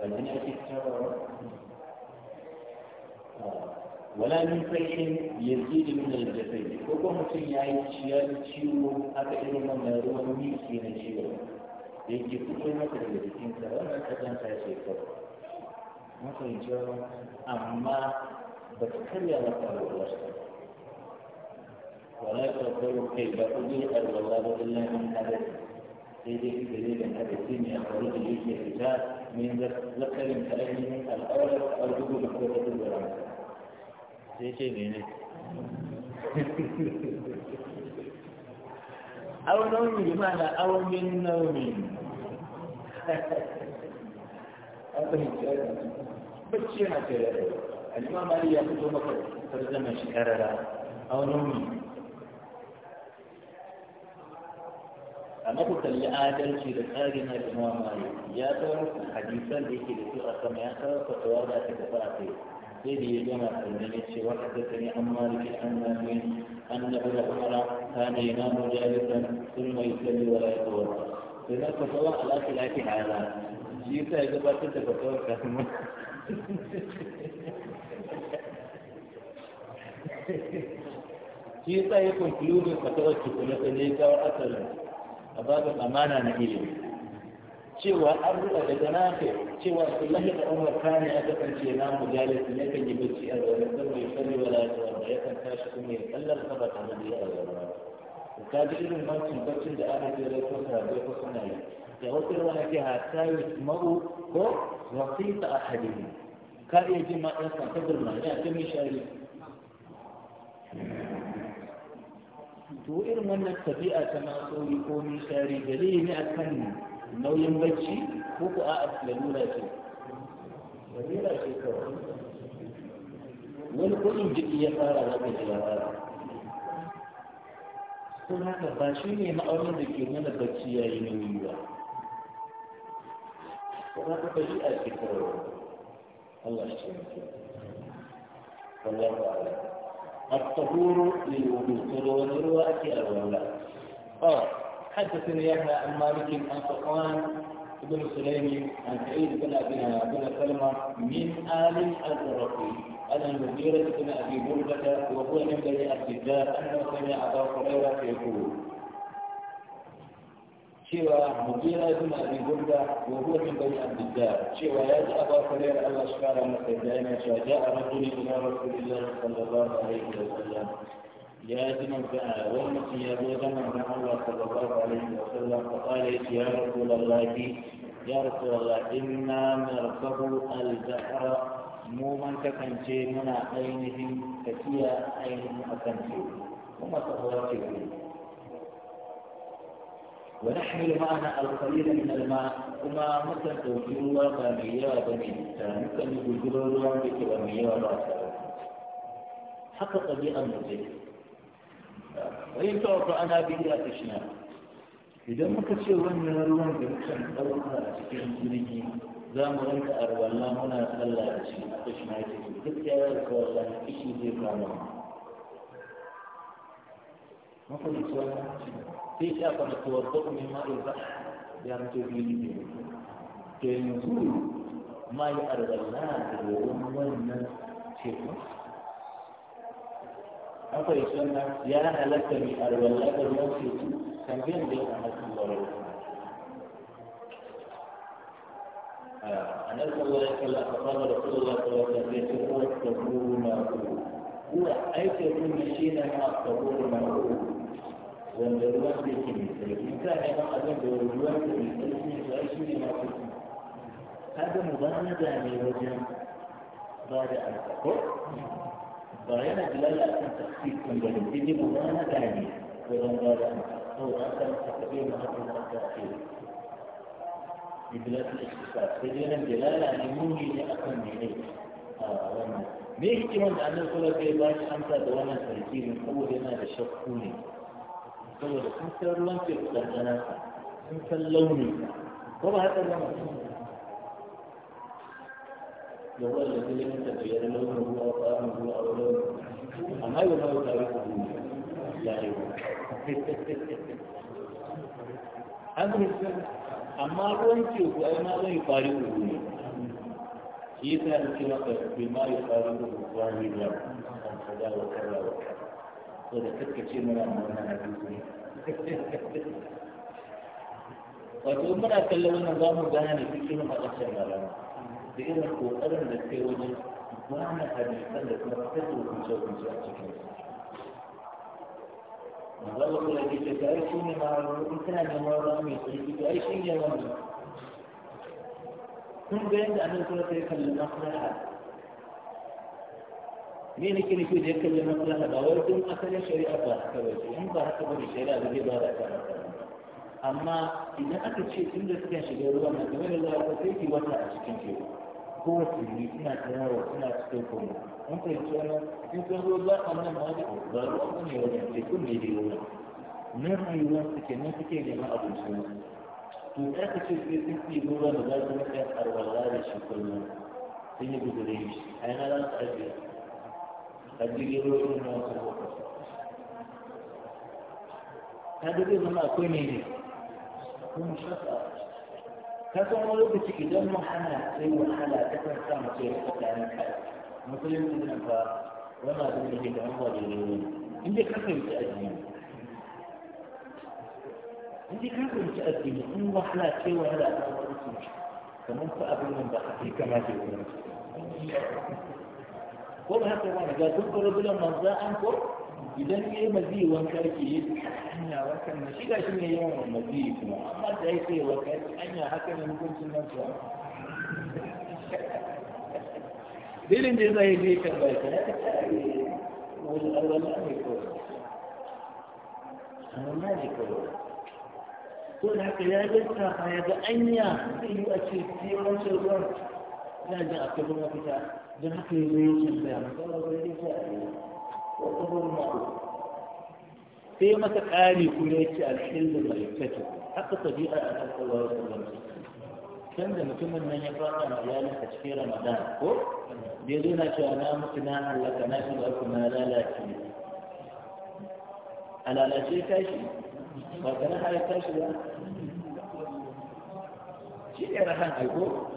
فالدنيا تتكرر ولا من شيء يزيد من الجسد وكم شيء يعيش يعيش يوم أكثر من ما يروه من شيء نشيوه da yake fito maka daga jikinka wannan kazanta ce kawai mafahimci amma ba ta karya maka alwalarsa wala ta kai ba ku alwala ba sai dai da ne a da yake fita min zakarin ainihin al'aurar al'ubu da kuma ta dubara sai ce أو نومي بمعنى أو من نومي بشي هكذا الإمام علي يقول مكر ترجمة شكرا أو نوم أما قلت لآدل في الآدم الإمام علي يا ترى حديثا ذيك لسوء السماء فتوارد أتكفاته سيدي يجمع الملك وحدثني عن مالك عن أن ابن عمر كان ينام جالسا ثم يصلي ولا يتوضأ فإذا فتوى على خلاف هذا جيت إذا باتت فتوى كلمة shi yasa ya konklude fatawar ki kuma sai ya kawo asalin a babin amana na ilimi cewa an ruwa daga nafi cewa kullahi da umar kane a kasance na mujalisi ne kan yi bacci a zaune don bai sani wala ta wanda ya kan tashi kuma ya kallar sa ba tare da ya zaune ka ji irin mancin baccin da aka jere ko sabai ko suna yi da wasu ruwa ke hata yi maru ko wasita a hadini ka iya ji ma ɗan san kadir ma ya ta mishari to irin wannan tabi'a ta masoyi ko mishari dalili ne akan nauyin bacci ko ku a'a lalura ce lalura ce kawai wani kuɗin jiki ya fara za ka ji labara sun haka ba shi ne ma'aunin da ke nuna bacci ya yi nauyi ba kuma ka bari a ce kawai Allah shi ne wallahu a'lam الطهور للوضوء ولو أتي أولا wala حدثني يحيى عن مالك عن صفوان بن سليم عن سعيد بن ابي بن سلمه من ال الزرقي انا المغيرة بن ابي بردة وهو من بني عبد الدار انه سمع ابا هريرة يقول شوى مغيرة بن ابي بردة وهو من بني عبد الدار شوى يد ابا هريرة الله المتدينه لك دائما جاء رجل الى رسول الله صلى الله عليه وسلم جازما فآوانا سيابوزا من مع الله صلى الله عليه وسلم فقال يا رسول الله يا رسول الله إنا نركب البحر موما كتنشي من عينهم كتيا عينهم أكنشي وما تقرأت ونحمل معنا القليل من الماء وما مسكت في الله كمية بني الإنسان كان يقول جلوه بك ومية حقق بي أمر ذلك وإن تعرف أنا بها تشنا إذا ما كتشي وأن يروان بمكشن أولها أشكين سنجي زام رنك أروالا هنا صلى أشكين تشنا يتكين تبقى الكوالان إشي زي كامل ما قد يتوانا في شاقة نتوضأ من ماء البحر يامتو بيدي كي نزول ما يأرغلنا في الوان والناس شيء Akwai suna ya halatta mai arwalla da ruwan teku kan biyan da ya halatta gwarau a nan saboda ya kalla a da kudu za ta wata zai ce ta buru na buru kuwa aikin kuma shi na ma ta buru na buru wanda ruwan da ke mai tsarki ta ne ma abin da ruwan da mai tsarki ne ba shi ne ma kudu kaga mu ba na zane wajen ba da alƙaƙo فغير بلال أكثر تخفيف من بلد تجي مدانا ثانية وإذن قال هو أكثر تخفيف من هذا التأخير ببلاد الاختصاص تجينا بلال أن يموني لأكثر من إليك me yake wanda annan kula kai ba shi amsa da wannan sarki ne saboda yana da shakku ne saboda sun san ruwan teku ɗanɗanansa sun san launi ko ba haka ba وهو الذي لم تبين لونه او طعامه او لونه اما يظهر تاريخه لا غيره أمر أما أقول شوف أي ما لا يقاربه shi yasa da ke maka bai ma ya faru da wani da kan kaza wa kaza wa so da kaka ce mana murna na duniya wato muna kallon wannan zamu gane cikin hadashin malama بإذن القرآن الذي وجد معنى هذه السنة مرتبة من شوق من شوق شكرا الله يقول لك إذا تعيشين مع الإنسان يا مرامي إذا تعيشين يا مرامي ثم بين أن الكرة تكلم مصلحة مين يمكن يكون يتكلم مصلحة بأولكم أصل الشريعة بأحكمه إن بأحكمه الشريعة بجبارة أما إذا أكد شيء إن رسكا شيء يروى ما دمين الله يقول لك وطلع شكين شيء kowace ne suna tayarwa suna cikin kuma an fahimci in sun zo za a nan ma da ba ruwa ne wajen tekun ne da yawa nan rayuwar su nan suke neman abincin su to za ka ce sai sun fi da za su arwala da shi kullum sun yi gudure shi a yana za su ajiye a jirgin ruwa irin na wasu lokaci ta zama akwai ne ne kuma shafa ka san wani lokaci idan wahala sai wahala ta kan sa mace ya tsakanin kai musulunci nan ba wani abin da ke da an ba da ne in dai ka fahimci addini in dai ka fahimci addini in wahala ce wahala ta wani musulunci kamar ku abin nan ba a kai kamata ya wani ko ba haka wani ga duk rabulan manzo an ko idan ya yi mazi wanka ke yi hanya wakan na shiga shi ne yawan mazi kuma amma da ya sai wanka hanya haka ne hukuncin nan su dalilin da zai zai kan bai ta wani alwala ne kawai alwala ne kawai ko da haka ya gaska a yaga anya zai yi a ce sai wancan ruwan ina jin akwai ruwa fita don haka ya zai yi can bai a matsalar zai yi wa tsohon mako sai masa ƙari kuma ya ce alhillu mai kace haka tabi'a a kan kowa ya sallam can da mutumin nan ya fara na a cikin ramadan ko da zo na cewa na mutu na halaka na shiga kuma na lalace a lalace tashi ba ka na haya tashi ba shi ne rahan aiko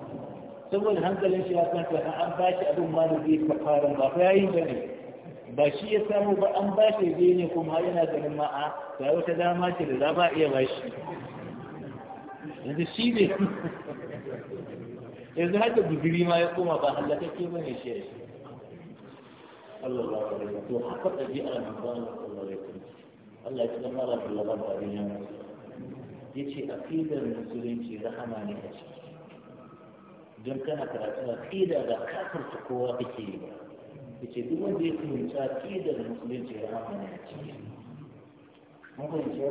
saboda hankalin shi ya kanta an ba shi abin ma da zai kafaran ba fa yayin ba ne ba shi ya samu ba an ba shi zai ne kuma yana ganin ma'a ga wata dama ce da za ba iya ba shi yanzu shi ne yanzu haka guziri ma ya koma ba hallakakke ba ne shi ya shi Allah ba ka rai to haka ɗabi'a ne ba Allah sallallahu alaihi wasallam Allah ya tsaka mala da labar da abin yana yace aqidar musulunci rahama ne a ciki don kana karatu aqida da kafirta kowa kake yi ba yace duk wanda ya fahimci da musulunci rahama ne a ciki mun fahimci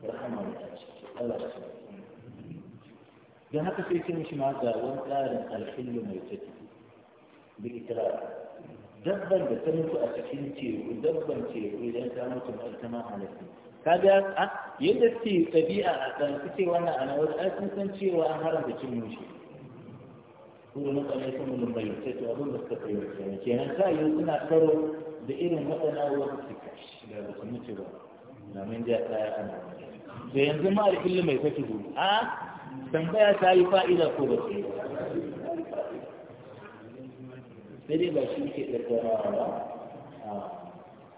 rahama ne a ciki Allah ya sa haka sai ce mishi ma ga wani tsarin alhillu mai tafi da itirar dabban da ta mutu a cikin teku dabban teku idan ta mutu ba ita ma halittu kaga yadda ce ɗabi'a a kan su ce wannan ana wasu ai sun san cewa an haramta cin mushi kuma mutane sun mun bayyance to abin da suka fayyace ne kenan ta yi suna karo da irin waɗannan wasu suka da ba su mutu ba na mun ja tsaya a nan da yanzu ma da ilmi mai kake gudu a tambaya ta yi fa'ida ko ba ce sai dai ba shi ke tattarawa ba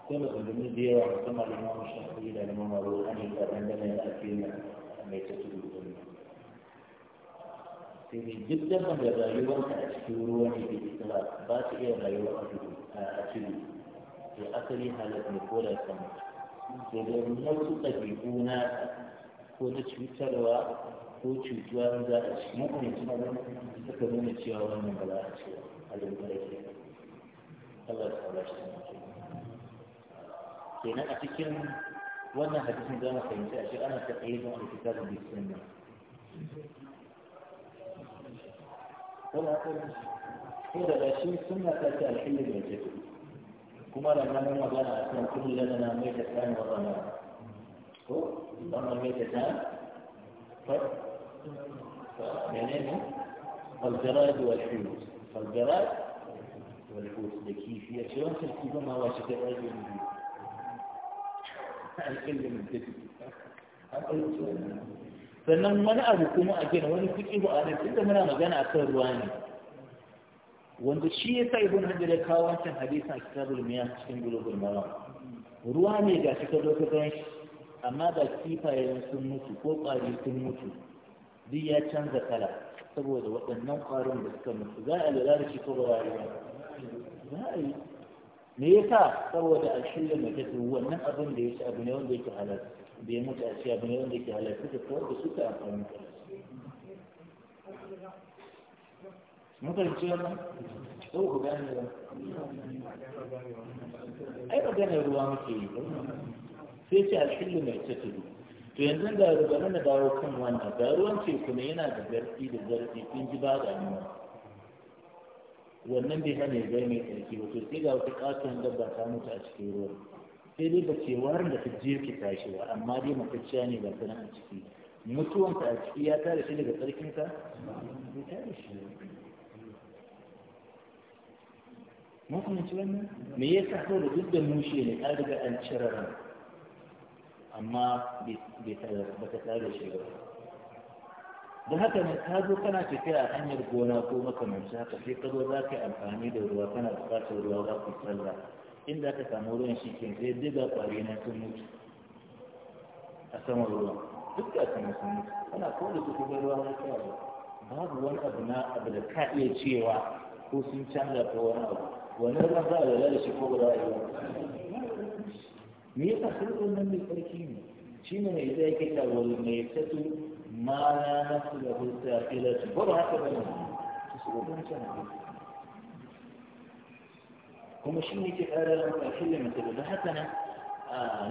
sai musulmi da yawa musamman da mamu shafi da mamu ruwa ne da dangane da ake mai tattarawa sai dai duk dabban da rayuwarta a cikin ruwa ne ke fitila ba su iya rayuwa a cikin to asali halar ne ko da sama to da wasu ɗabi'u na ko na cutarwa ko cutuwa in za a ci makamancin abin suka nuna cewa wannan ba za a ci a lalura ke Allah ta Allah shi ta kenan a cikin wannan hadisin za mu fahimci a shi ana ta tsaye a cikin bisin nan ولا هذا الشيء ثم تأتي الحل بالجد كما لما لما بنا أسلم كل لنا ميتتان وضمان هو ضمن ميتتان فمعناه يعني الجراد والحوت فالجراد والحوت لكيفية شلون تركيبه ما واجد الرجل الحل من الجد sannan wani abu kuma a gina wani kuɗi ba a nan tunda muna magana akan ruwa ne wanda shi ya sa ibn hajar ya kawo wancan hadisa a kitabul miya cikin bulugul maram ruwa ne ga shi ka zo ka gan shi amma ga kifayen sun mutu ko ƙwari sun mutu duk ya canza kala saboda waɗannan ƙwarin da suka mutu za a lura da shi ko ba za a yi za a me yasa saboda a shirya mace wannan abin da ya ci abu ne wanda yake halarta bai mutu a cikin abin wanda ke halarci da kawar da suka amfani da mukan ce wannan ko ku gane ba ai maganar ruwa muke yi sai ce alhillu mai tattalu to yanzu ga rubanin da dawo kan wannan ga ruwan teku ne yana da garfi da zarfi in ji ba da nuna wannan bai hana ya zai mai tsarki wato sai ga wata katon dabba ta mutu a cikin ruwan sai dai bace warin da ta jirkita shi ba amma dai matacciya ne ba sanan a ciki Mutuwan ka a ciki ya tare shi daga tsarkinka ya tare shi mun fahimci wannan me ya sa da duk da mushe ne an riga an cire ran amma ba ta tare shi ba da haka ne ka zo kana tafiya a hanyar gona ko makamanci haka sai ka zo za ka yi amfani da ruwa kana buƙatar ruwa za ku sallah inda aka samu ruwan shi ke zai diga ƙwari na sun mutu a saman ruwan duk da saman sun mutu ana kowace su kuma ruwa na kawai babu wani abu na abu da ka iya cewa ko sun canza ko wani abu wani ruwa za a lalace shi ko ba za a yi me yasa sun nan mai tsarki ne shi ne mai zai kita wani mai tattu ma na nasu da hulsa ila su ba haka ba ne su su ba wancan abin kuma shi ne ke ƙara lafiya kille mace da haka nan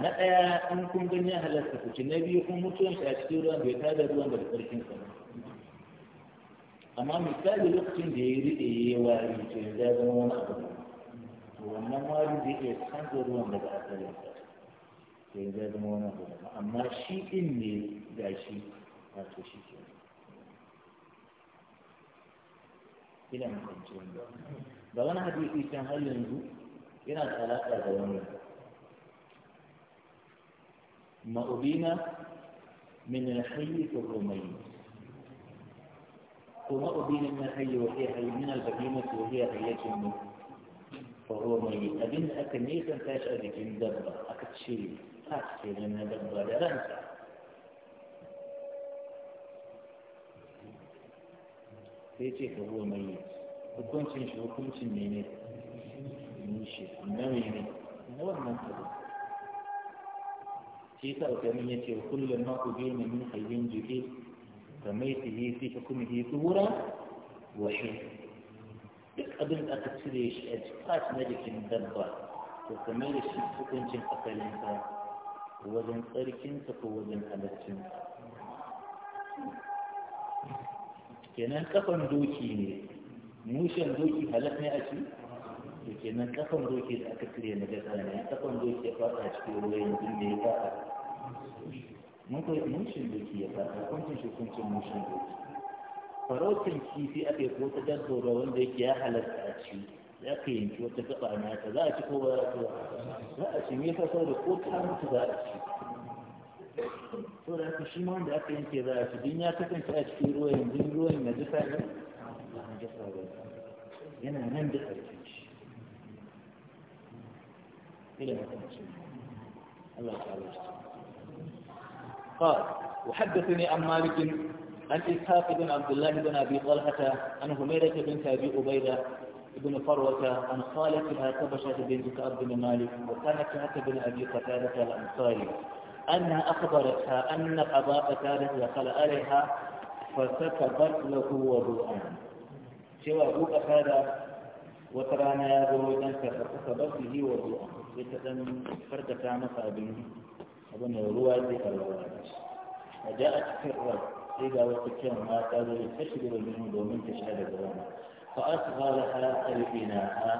na ɗaya in kun gani ya halarta ku ci na biyu kun mutuwan shi a cikin ruwan bai tada ruwan da ƙarfin sa ba amma misali lokacin da ya riɗe ya yi wari to ya zama wani abu to wannan wari zai iya canza ruwan daga asalin sa to ya zama wani abu amma shi ɗin ne ga shi wato shi ke ina mutunci wanda da wani hadisi can har yanzu yana da alaƙa da wannan ma'ubina min alhayyi ko rumayi ko ma'ubina min alhayyi wa hiya hayyi min albahima ko hiya hayyacin mu fa huwa mayyit abin da aka nisan tashi a jikin dabba aka ce ta ce na dabba da ranta sai ce fa huwa mayyit hukuncin shi hukuncin ne ne nishi nawi ne na wannan abu shi sa alkamin ya ce kullum ma ku biyu ne min hayyin jiki ka mai su yi fi hukumihi tsura wa shi duk abin da aka cire shi a jikas na jikin dabba to ka mai da shi hukuncin asalinsa wajen tsarkinsa ko wajen halaccinsa kenan kafan doki ne موسى موسى هلك نأتي لكن من تقوم روكي الأكثرية نجات على من تقوم روكي فاتح في الوين بالمي فاتح من قوي موسى موسى فاتح كنت شو كنت موسى موسى فروتن كي في أبي قوت تدور وين ذيك يا هلك أتي لكن شو تقطع ما تلاش هو لا أتي ميفا صار قوت هم تلاش فرأت شيمان لكن كذا في الدنيا تكن تأتي روين بين روين ما تفعل الله تعالى قال وحدثني عن مالك عن إسحاق بن عبد الله بن أبي طلحة عن هميرة بنت أبي أبيدة بن فروة عن خالتها كبشة بن كعب بن مالك وكانت كعب بن أبي قتادة الأنصاري أنها أخبرتها أن أبا قتادة دخل عليها فسكبت له وضوءا سوى أبوك هذا وترانا يا بوي أنت فقصبت له وضوء يتدن فرد كامك أبن أبن يولوى ذي الوالد وجاءت فرد إذا وقتهم ما قالوا يتشبر منه دومين تشهد الدوام فأصغى لها ألبناها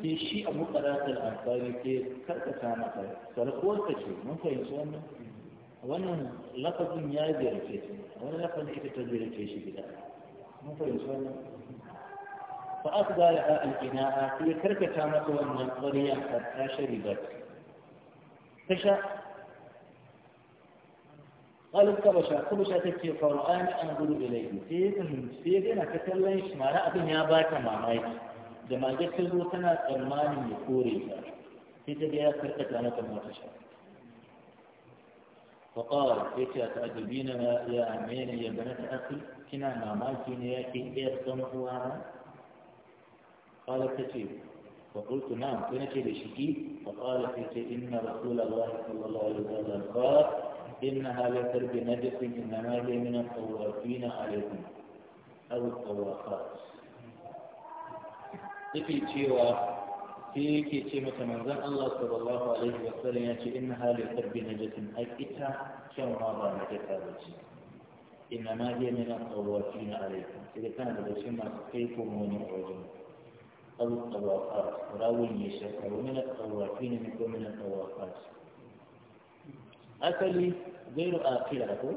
في شيء مقرات الأنصار في فرد كامك فلقوا التشبر من فين سؤالنا wannan lafazin ya zirce shi wani lafazin ita ta zirce shi gida mun fahimci wannan فأخذ لها الإناء في كركة مكونا قريا حتى شربت فشاء قال الكبشة كبشة تكي قرآن أنظر إليه في فهمت في دينا كتلنش ما رأى بني أباك ما مايك لما جت الوطنة ترمان يكوري في تديا كركة مكونا تشاء فقال كيف تأدبيننا يا أمين يا بنت أخي كنا ما مايكين يا كي إيه سمحوا قال كثير فقلت نعم كنت كده فقال كنت إن رسول الله صلى الله عليه وسلم قال إنها لا تربي نجس إنما هي من الطوافين عليكم أو الطوافات في تيوا في كي تمزن الله صلى الله عليه وسلم يأتي إنها لتربي نجس أي إتا كم رابع نجس إنما هي من الطوافين عليكم إذا كان هذا الشيء ما تقيكم ومن أعجبكم أو الطوافات راوي يشك ومن الطوافين منكم من الطوافات أكل غير آكل أكو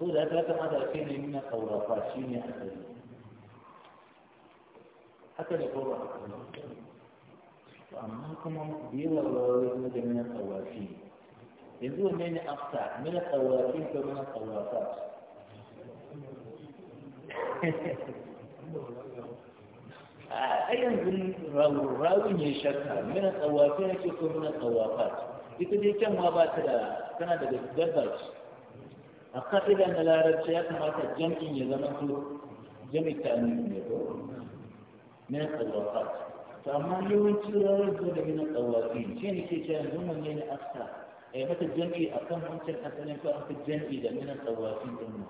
خذ أكلك هذا أكل من الطوافات شين أكلي حتى يقول وأما كما بيوا الله من الطوافين يقول من أقطع من الطوافين ومن الطوافات a yanzu rawun ya shakka mina tsawafi na ce ko mina tsawafa ita dai can ma ba ta da tana daga dabba ce a ka'ida na larabci ya kamata jam'in ya zama to jami'in ta ne ko mina tsawafa to amma yawancin rawar zo da mina tsawafi ce ne ke cewa yanzu wanne ne aska a yi mata jam'i a kan wancan asalin ko aka jam'i da mina tsawafi ɗin mu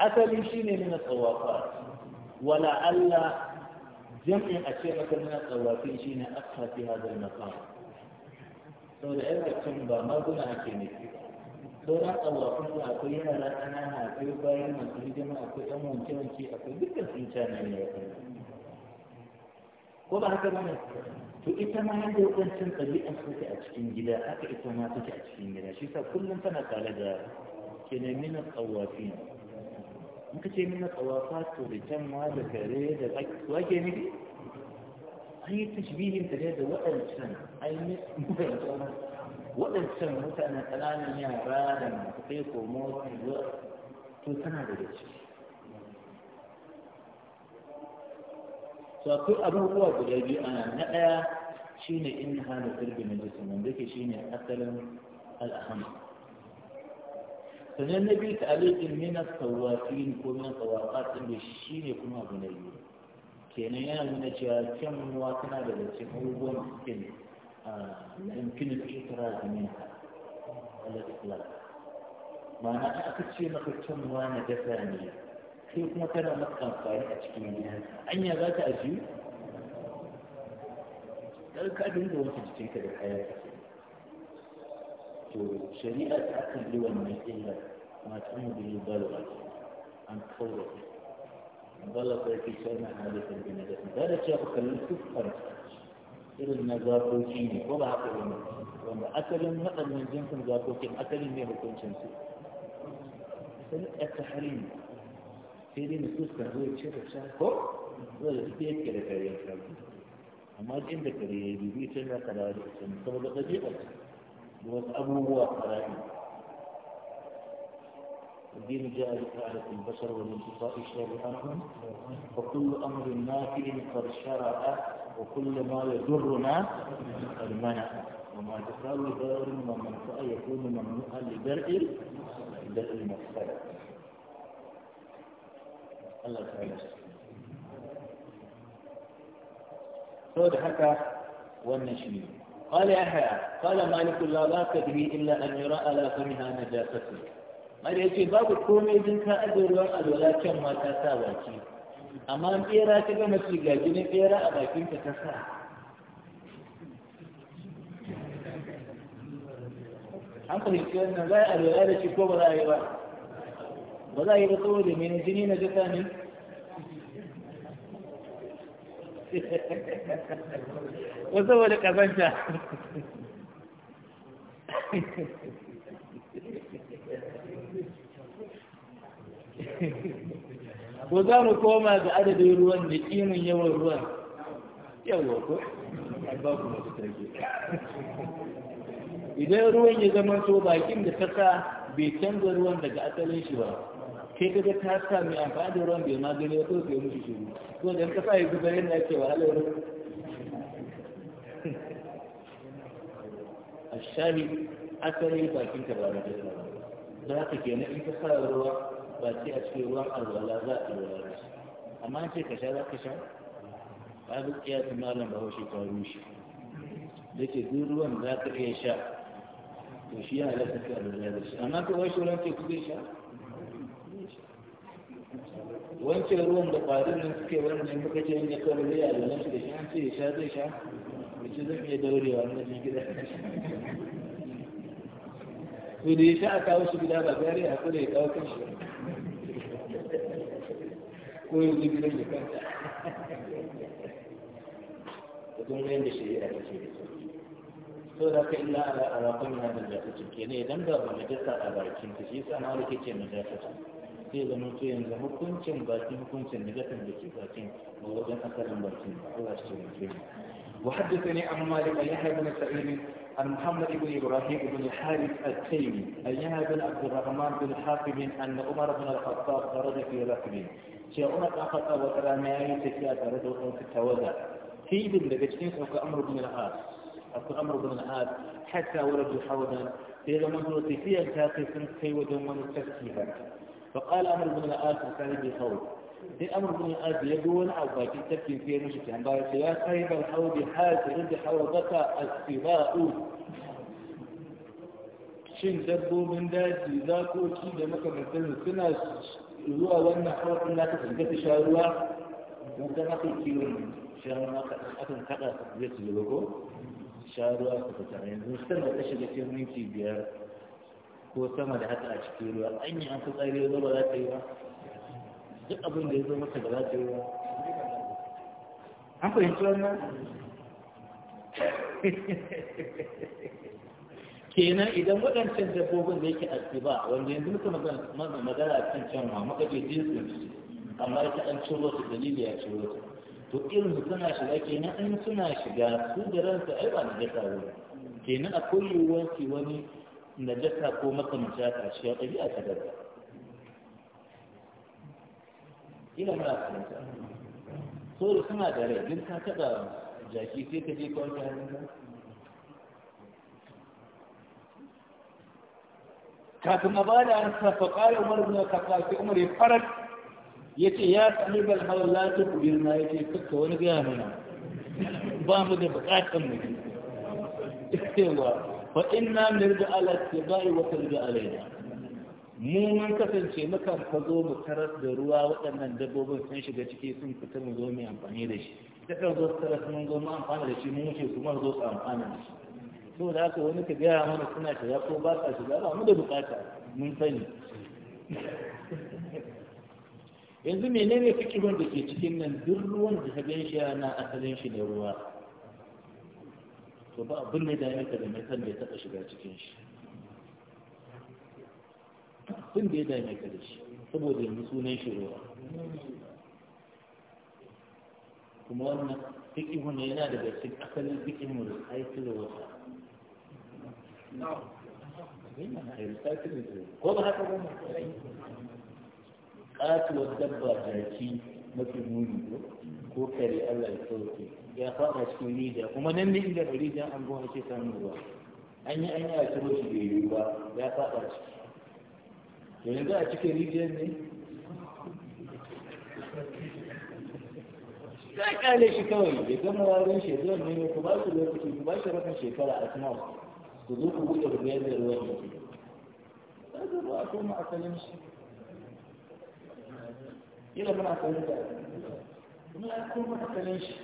asali shine nuna tsawafa wala Allah jam'in a ce maka min tsawafin shine na fi Sau da saboda aikacin ba maguna ake ne. sauran tsawafin da akwai yara ƙanana akwai bayan masu hidima akwai ɗan wanke-wanke akwai dukkan sun cana ne ya kai ko ba haka ba ne to ita ma yadda wancan ɗabi'a suke a cikin gida haka ita ma take a cikin gida shi sa kullum tana tare da kenan nuna tsawafi in ka ce mana tsawafa to da canwa da kare da tsaki wake ne an yi tashbihin ta da waɗancan an yi mutancan waɗancan mutanen ƙananan yara da masu kai komo to tana da ciki so akwai abubuwa guda biyu ana na ɗaya shine in hana sirbi na jisim wanda yake shine asalin al'ahama sannan na biyu ta'aliqin min as-sawafin ko min as-sawafat din shi ne kuma abu na biyu kenan yana nuna cewa kyanwa tana da cikin abubuwan cikin يمكن الاعتراض منها الاطلاق معنى أكتشي مكتم وانا جفانية في كما كان مكان قارئ أشكي منها أني ذات أجيب قال كأبين دون تجتين حياتك الشريعة تعتم لون إلا ما تعلم به البلغة عن تفوق بلغة في سنة حالية البنادة بلغة شاكو كلمت كفر إلى النظار كوكيني ولا أقل منه وما أكل مقل من جنس النظار كوكيني أكل من يهوكم شمسي سلق التحريم سيدي نسوس كان هو يتشرف شاكو ولا يتبيت كلا كريم كريم أما جندك كريم يبيت لنا قرار يتشرف سبب قديمة da wasu هو fara'i الدين جاء لفعلة البشر والانتفاء الشارع عنهم وكل أمر نافع قد شرع وكل ما يضرنا المنع وما تساوي دار ومنفع يكون ممنوعا لدرء لدرء المفسدة الله تعالى سبحانه saboda haka قال يحيى قال مالك لا لا تدري إلا أن يرى على فمها نجاسته مالك يجي باب كومي جنك أدر الولا كم ما تساواكي أما أن إيرا تبا مسجا جنك إيرا أباكين تتسا an fahimci wannan za a lura da shi ko ba za a yi ba ba za a yi ba saboda mai jini na jika ne wasu saboda kazanta ko za mu koma ga adadin ruwan da kimin yawan ruwan yawa ko ba ku masu tarki idan ruwan ya zama to bakin da ta sa bai canza ruwan daga asalin shi ba sai ka ga ta sa mai amfani da ruwan bai ma gani ya kawai mushi shiru to da ka sa ya zubar yana yake wahalar a shari asali bakin ka ba na da ba za ka kenan in ka sa ruwa ba sai a cikin ruwan alwala za a lura da shi amma an ce ka sha za ka sha ba duk iya malam bahaushe ta rushe da ke duk ruwan za ka iya sha to shi yana da tafiya da shi amma ka wai shi ruwan ce ku zai sha wance ruwan da ƙwarin nan suke wannan muka ce ya kawai zai yi a da shi an ce ya sha zai sha mace zan iya daurewa na ji gida to da ya sha a kawo shi gida ba gari a kula ya kawo kan shi ko ya zai gidan ya kanta da kuma shi shari'a ta ce da su to da ka illa ala arakan yana da jasa kenan idan da ba mu jasa a bakin ta shi yasa wani ke ce mu jasa sai zama to yanzu hukuncin bakin hukuncin da gatan da ke bakin ba wajen asalin bakin Allah shi ne وحدثني عن مالك أن يحيى بن سعيد عن محمد بن إبراهيم بن الحارث التيمي أن يحيى بن عبد الرحمن بن حافظ أن عمر بن الخطاب خرج في ركب شيء عمر بن الخطاب وترى ما يتكي أترد وكان في التوزع في بن لبتين أو أمر بن العاص أو أمر بن العاص حتى ولدوا حوضا إذا منظور تفيا كافي كي ودون من التفكير فقال أمر بن الآس وكان يبي خوض في أمر بن الآس يقول أو باكي تكين فيه نشك عن بعض الشياء خيب الحوض حاج عند حوضك الصفاء شن دبو من ذات ذاك وشي دمك من سنة السنة هو وانا حوض لا تفهم جات شاروا وانت ما في كيلو شاروا ما أتن كذا جات لبكو شاروا كذا يعني مستمر أشياء كثير من تيجي ko sama da haka a cikin ruwa an yi an fitsari ya ba za ta yi ba duk abin da ya zo mata ba za ta yi ba an fahimci wannan kenan idan waɗancan dabbobin da yake ba, wanda yanzu muka magana a kan canwa muka je jinsin amma ta an ciro su dalili ya ciro su to irin su suna shiga kenan an suna shiga su da ransu ai ba na gasa ba kenan akwai yiwuwar wani najasa ko makamci ta shi ya ɗabi'a ta gaba ina muna fahimta so da suna da rai din ka taɓa jaki sai ka je kwanta hannun kafin a bada an safa ƙara umar zuwa kafa sai umar ya farar ya ce ya sami bal hawala ta kubir na ya ce kakka wani gaya mana ba mu da buƙatan mu ne fa inna nirda ala tibai wa tarda alaina mu mun kasance mukan ka zo mu taras da ruwa waɗannan dabbobin sun shiga ciki sun fita mu zo mu amfani da shi ta kan zo taras mun zo mu amfana da shi mu wuce kuma zo su amfana da shi to da haka wani ka gaya mana suna shiga ko ba sa shiga ba mu da bukata mun sani yanzu menene fikihun da ke cikin nan duk ruwan da ta gan shi na asalin shi da ruwa to ba abin da ya dame ka da kan da ya taɓa shiga cikin shi abin da ya dame ka da shi saboda yanzu sunan shi ruwa kuma wannan fikihu ne yana daga cikin asalin fikihu da da wata ko ba haka ba ne katuwar dabba jaki mafi muni ko ko kare Allah ya sauke ya fara cikin rija kuma nan ne inda rija an gona ke samun ruwa an yi an yi a ciro shi bai yi ba ya fara ciki to yanzu a cikin rijiyar ne ta kale shi kawai ya gama warin shi zuwan ne ku ba shi lokaci ku ba shi rafin shekara a tunan ku zo ku buɗe ruwa da ruwan yake ta zaba a koma asalin shi ila muna kawai da kuma ya koma tattalin shi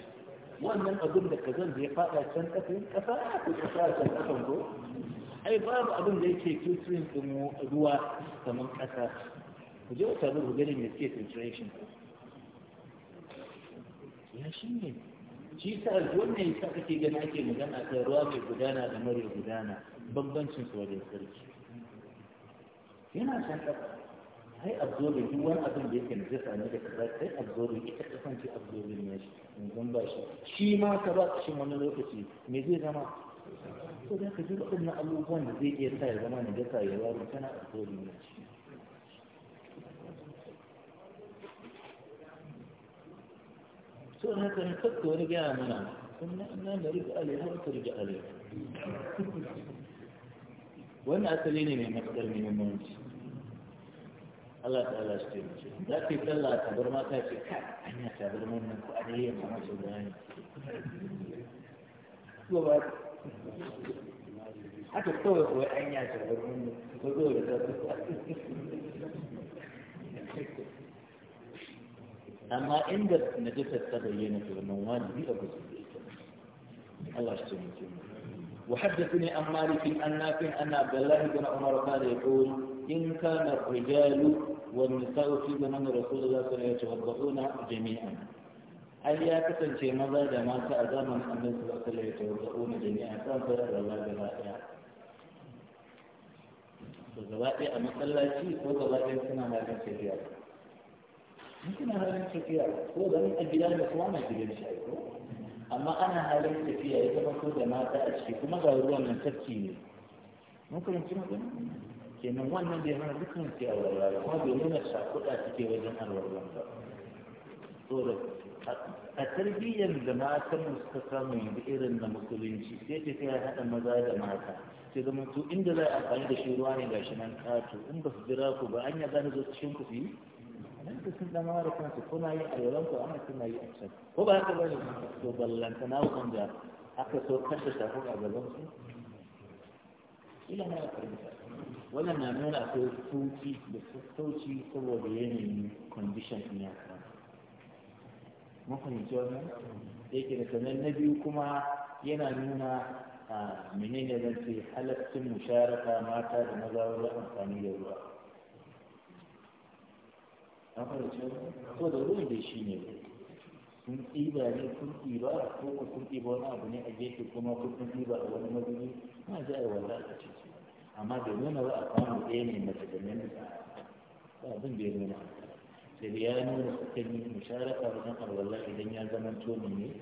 wannan abin da ka zan zai fada can yin kasa ya ku kasa can kasan ko ai babu abin da yake yin din ruwa kamar kasa ku je wata zuwa gani da ke filtration ya shi ne shi sa wannan ta kake gani ake magana ta ruwa mai gudana da mare gudana bambancin su wajen sarki yana can kasa sai absorbin duk wani abin da yake najasa ne da kaza sai absorbin ita kasance absorbin ne shi in ba shi shi ma ka ba shi wani lokaci me zai zama ko da ka ji waɗannan abubuwan da zai iya sa ya zama gasa ya wari tana absorbin ne shi so na kan kakka wani gaya mana kuma na da rika alaiha wata rika alaiha wannan asali ne mai matuƙar muhimmanci Allah ta'ala shi ce za ka yi sallah a tabarma ta ce ka an yi tabarman nan ko an yi yamma masu bayani ko ba haka kawai kawai an yi tabarman nan ko zo da ta amma inda na najasar ta bayyana tabarman wani bi a gusu Allah shi ce mutum وحدثني عن مالك عن نافع ان عبد الله بن عمر قال يقول إن كان الرجال والنساء في زمن رسول الله صلى الله عليه يتوضؤون جميعا أي يا كتن شيء ما بعد ما تأذن من أن النساء صلى يتوضؤون جميعا فانظر الله بهذا الزواج أما صلى شيء هو الزواج سنة ما كان شيء ممكن هذا من شيء هو ده من أجل الإخوان يجيب شيء أما أنا هذا من شيء يا إذا ما تأذن كم غيره من تفكيري ممكن أن تكون kenan wannan bai hana dukkan ke alwarwa ba kuma bai nuna shakuɗa suke wajen alwarwa ba da a tarbiyyar da matan mu suka samu yanzu irin na musulunci sai ta kai haɗa maza da mata sai zama su inda za a amfani da shi ruwa ne ga shi nan kato in ba su jira ku ba an ya gane zo cikin ku yi nan ka sun dama da kansu kuna yi a yawan ku ana kuna yi a can ko ba haka ba ne to ballanta na wanda aka so kashe shafin a gaban su ila na fahimta wannan na nuna akwai sauci da sauci saboda yanayin condition ɗin ya kama mun fahimci wannan da yake da sannan na biyu kuma yana nuna a menene zan ce halaccin musharaka mata da maza wajen amfani da ruwa an fahimci wannan ko da ruwan dai shi ne sun ɗiba ne sun ɗiba ko sun ɗiba wani abu ne a gefe kuma ko sun ɗiba a wani mazubi na za a yi wanda a ce su amma da nuna ba a samu ɗaya ne mace da nan ba abin da ya nuna sai da ya nuna suka yi musharaka wajen alwala idan ya zama toni ne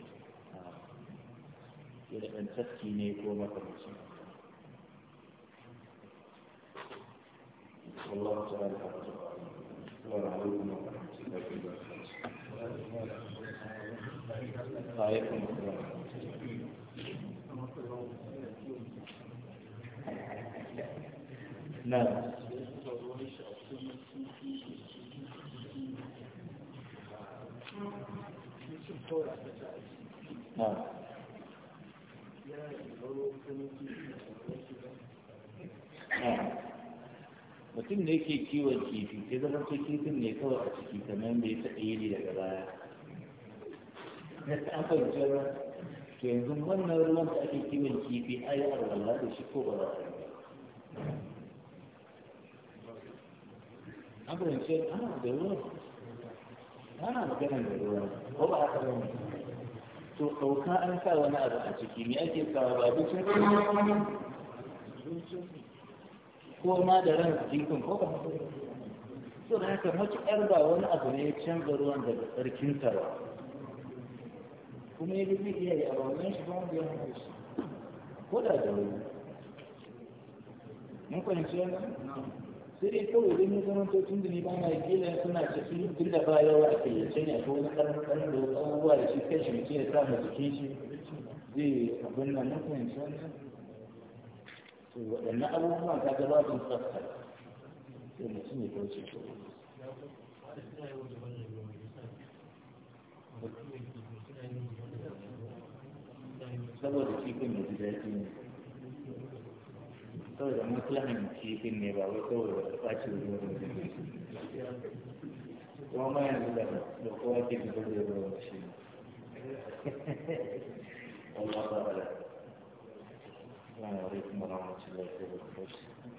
ya da ɗan tafki ne ko makamacin والله تعالى أكبر السلام عليكم ورحمة الله وبركاته alaikum mutum da ke kiwon kifi sai zama kifin ne kawai a ciki kamar da ya taɓa yi daga baya na an fahimci wannan to yanzu wannan ruwan da ake kiwon kifi a yi arwala da shi ko ba za a yi an fahimci ana da ruwan ana magana da ruwan ko ba haka ba to sauka an sa wani abu a ciki me ake sawa ba abincin ko ma da ran jikin ko ba so da haka matuƙar ba wani abu ne ya canza ruwan daga tsarkin ba kuma ya zai iya yi a wannan shi ba wanda ya haɗe shi ko da da wani mun fahimci yana sai dai kawai dai mun zama to tun da ni ba na kila suna ciki tun da ba yawa a kayyace ne ko wani ɗan ɗan da wasu abubuwa da shi kai shi mutum ya sa ma jikin shi zai abin nan mun fahimci yana to waɗannan abubuwan ka ga babin tsafta sai mutum ya kauce ko saboda kifin da ji daɗi ne saboda maslahan kifin ne ba wai saboda ɓacin ruwan da ke kuma ma yanzu da da kowa ke da zai ruwan shi Allah ta'ala. Wa alaikum warahmatullahi wabarakatuh.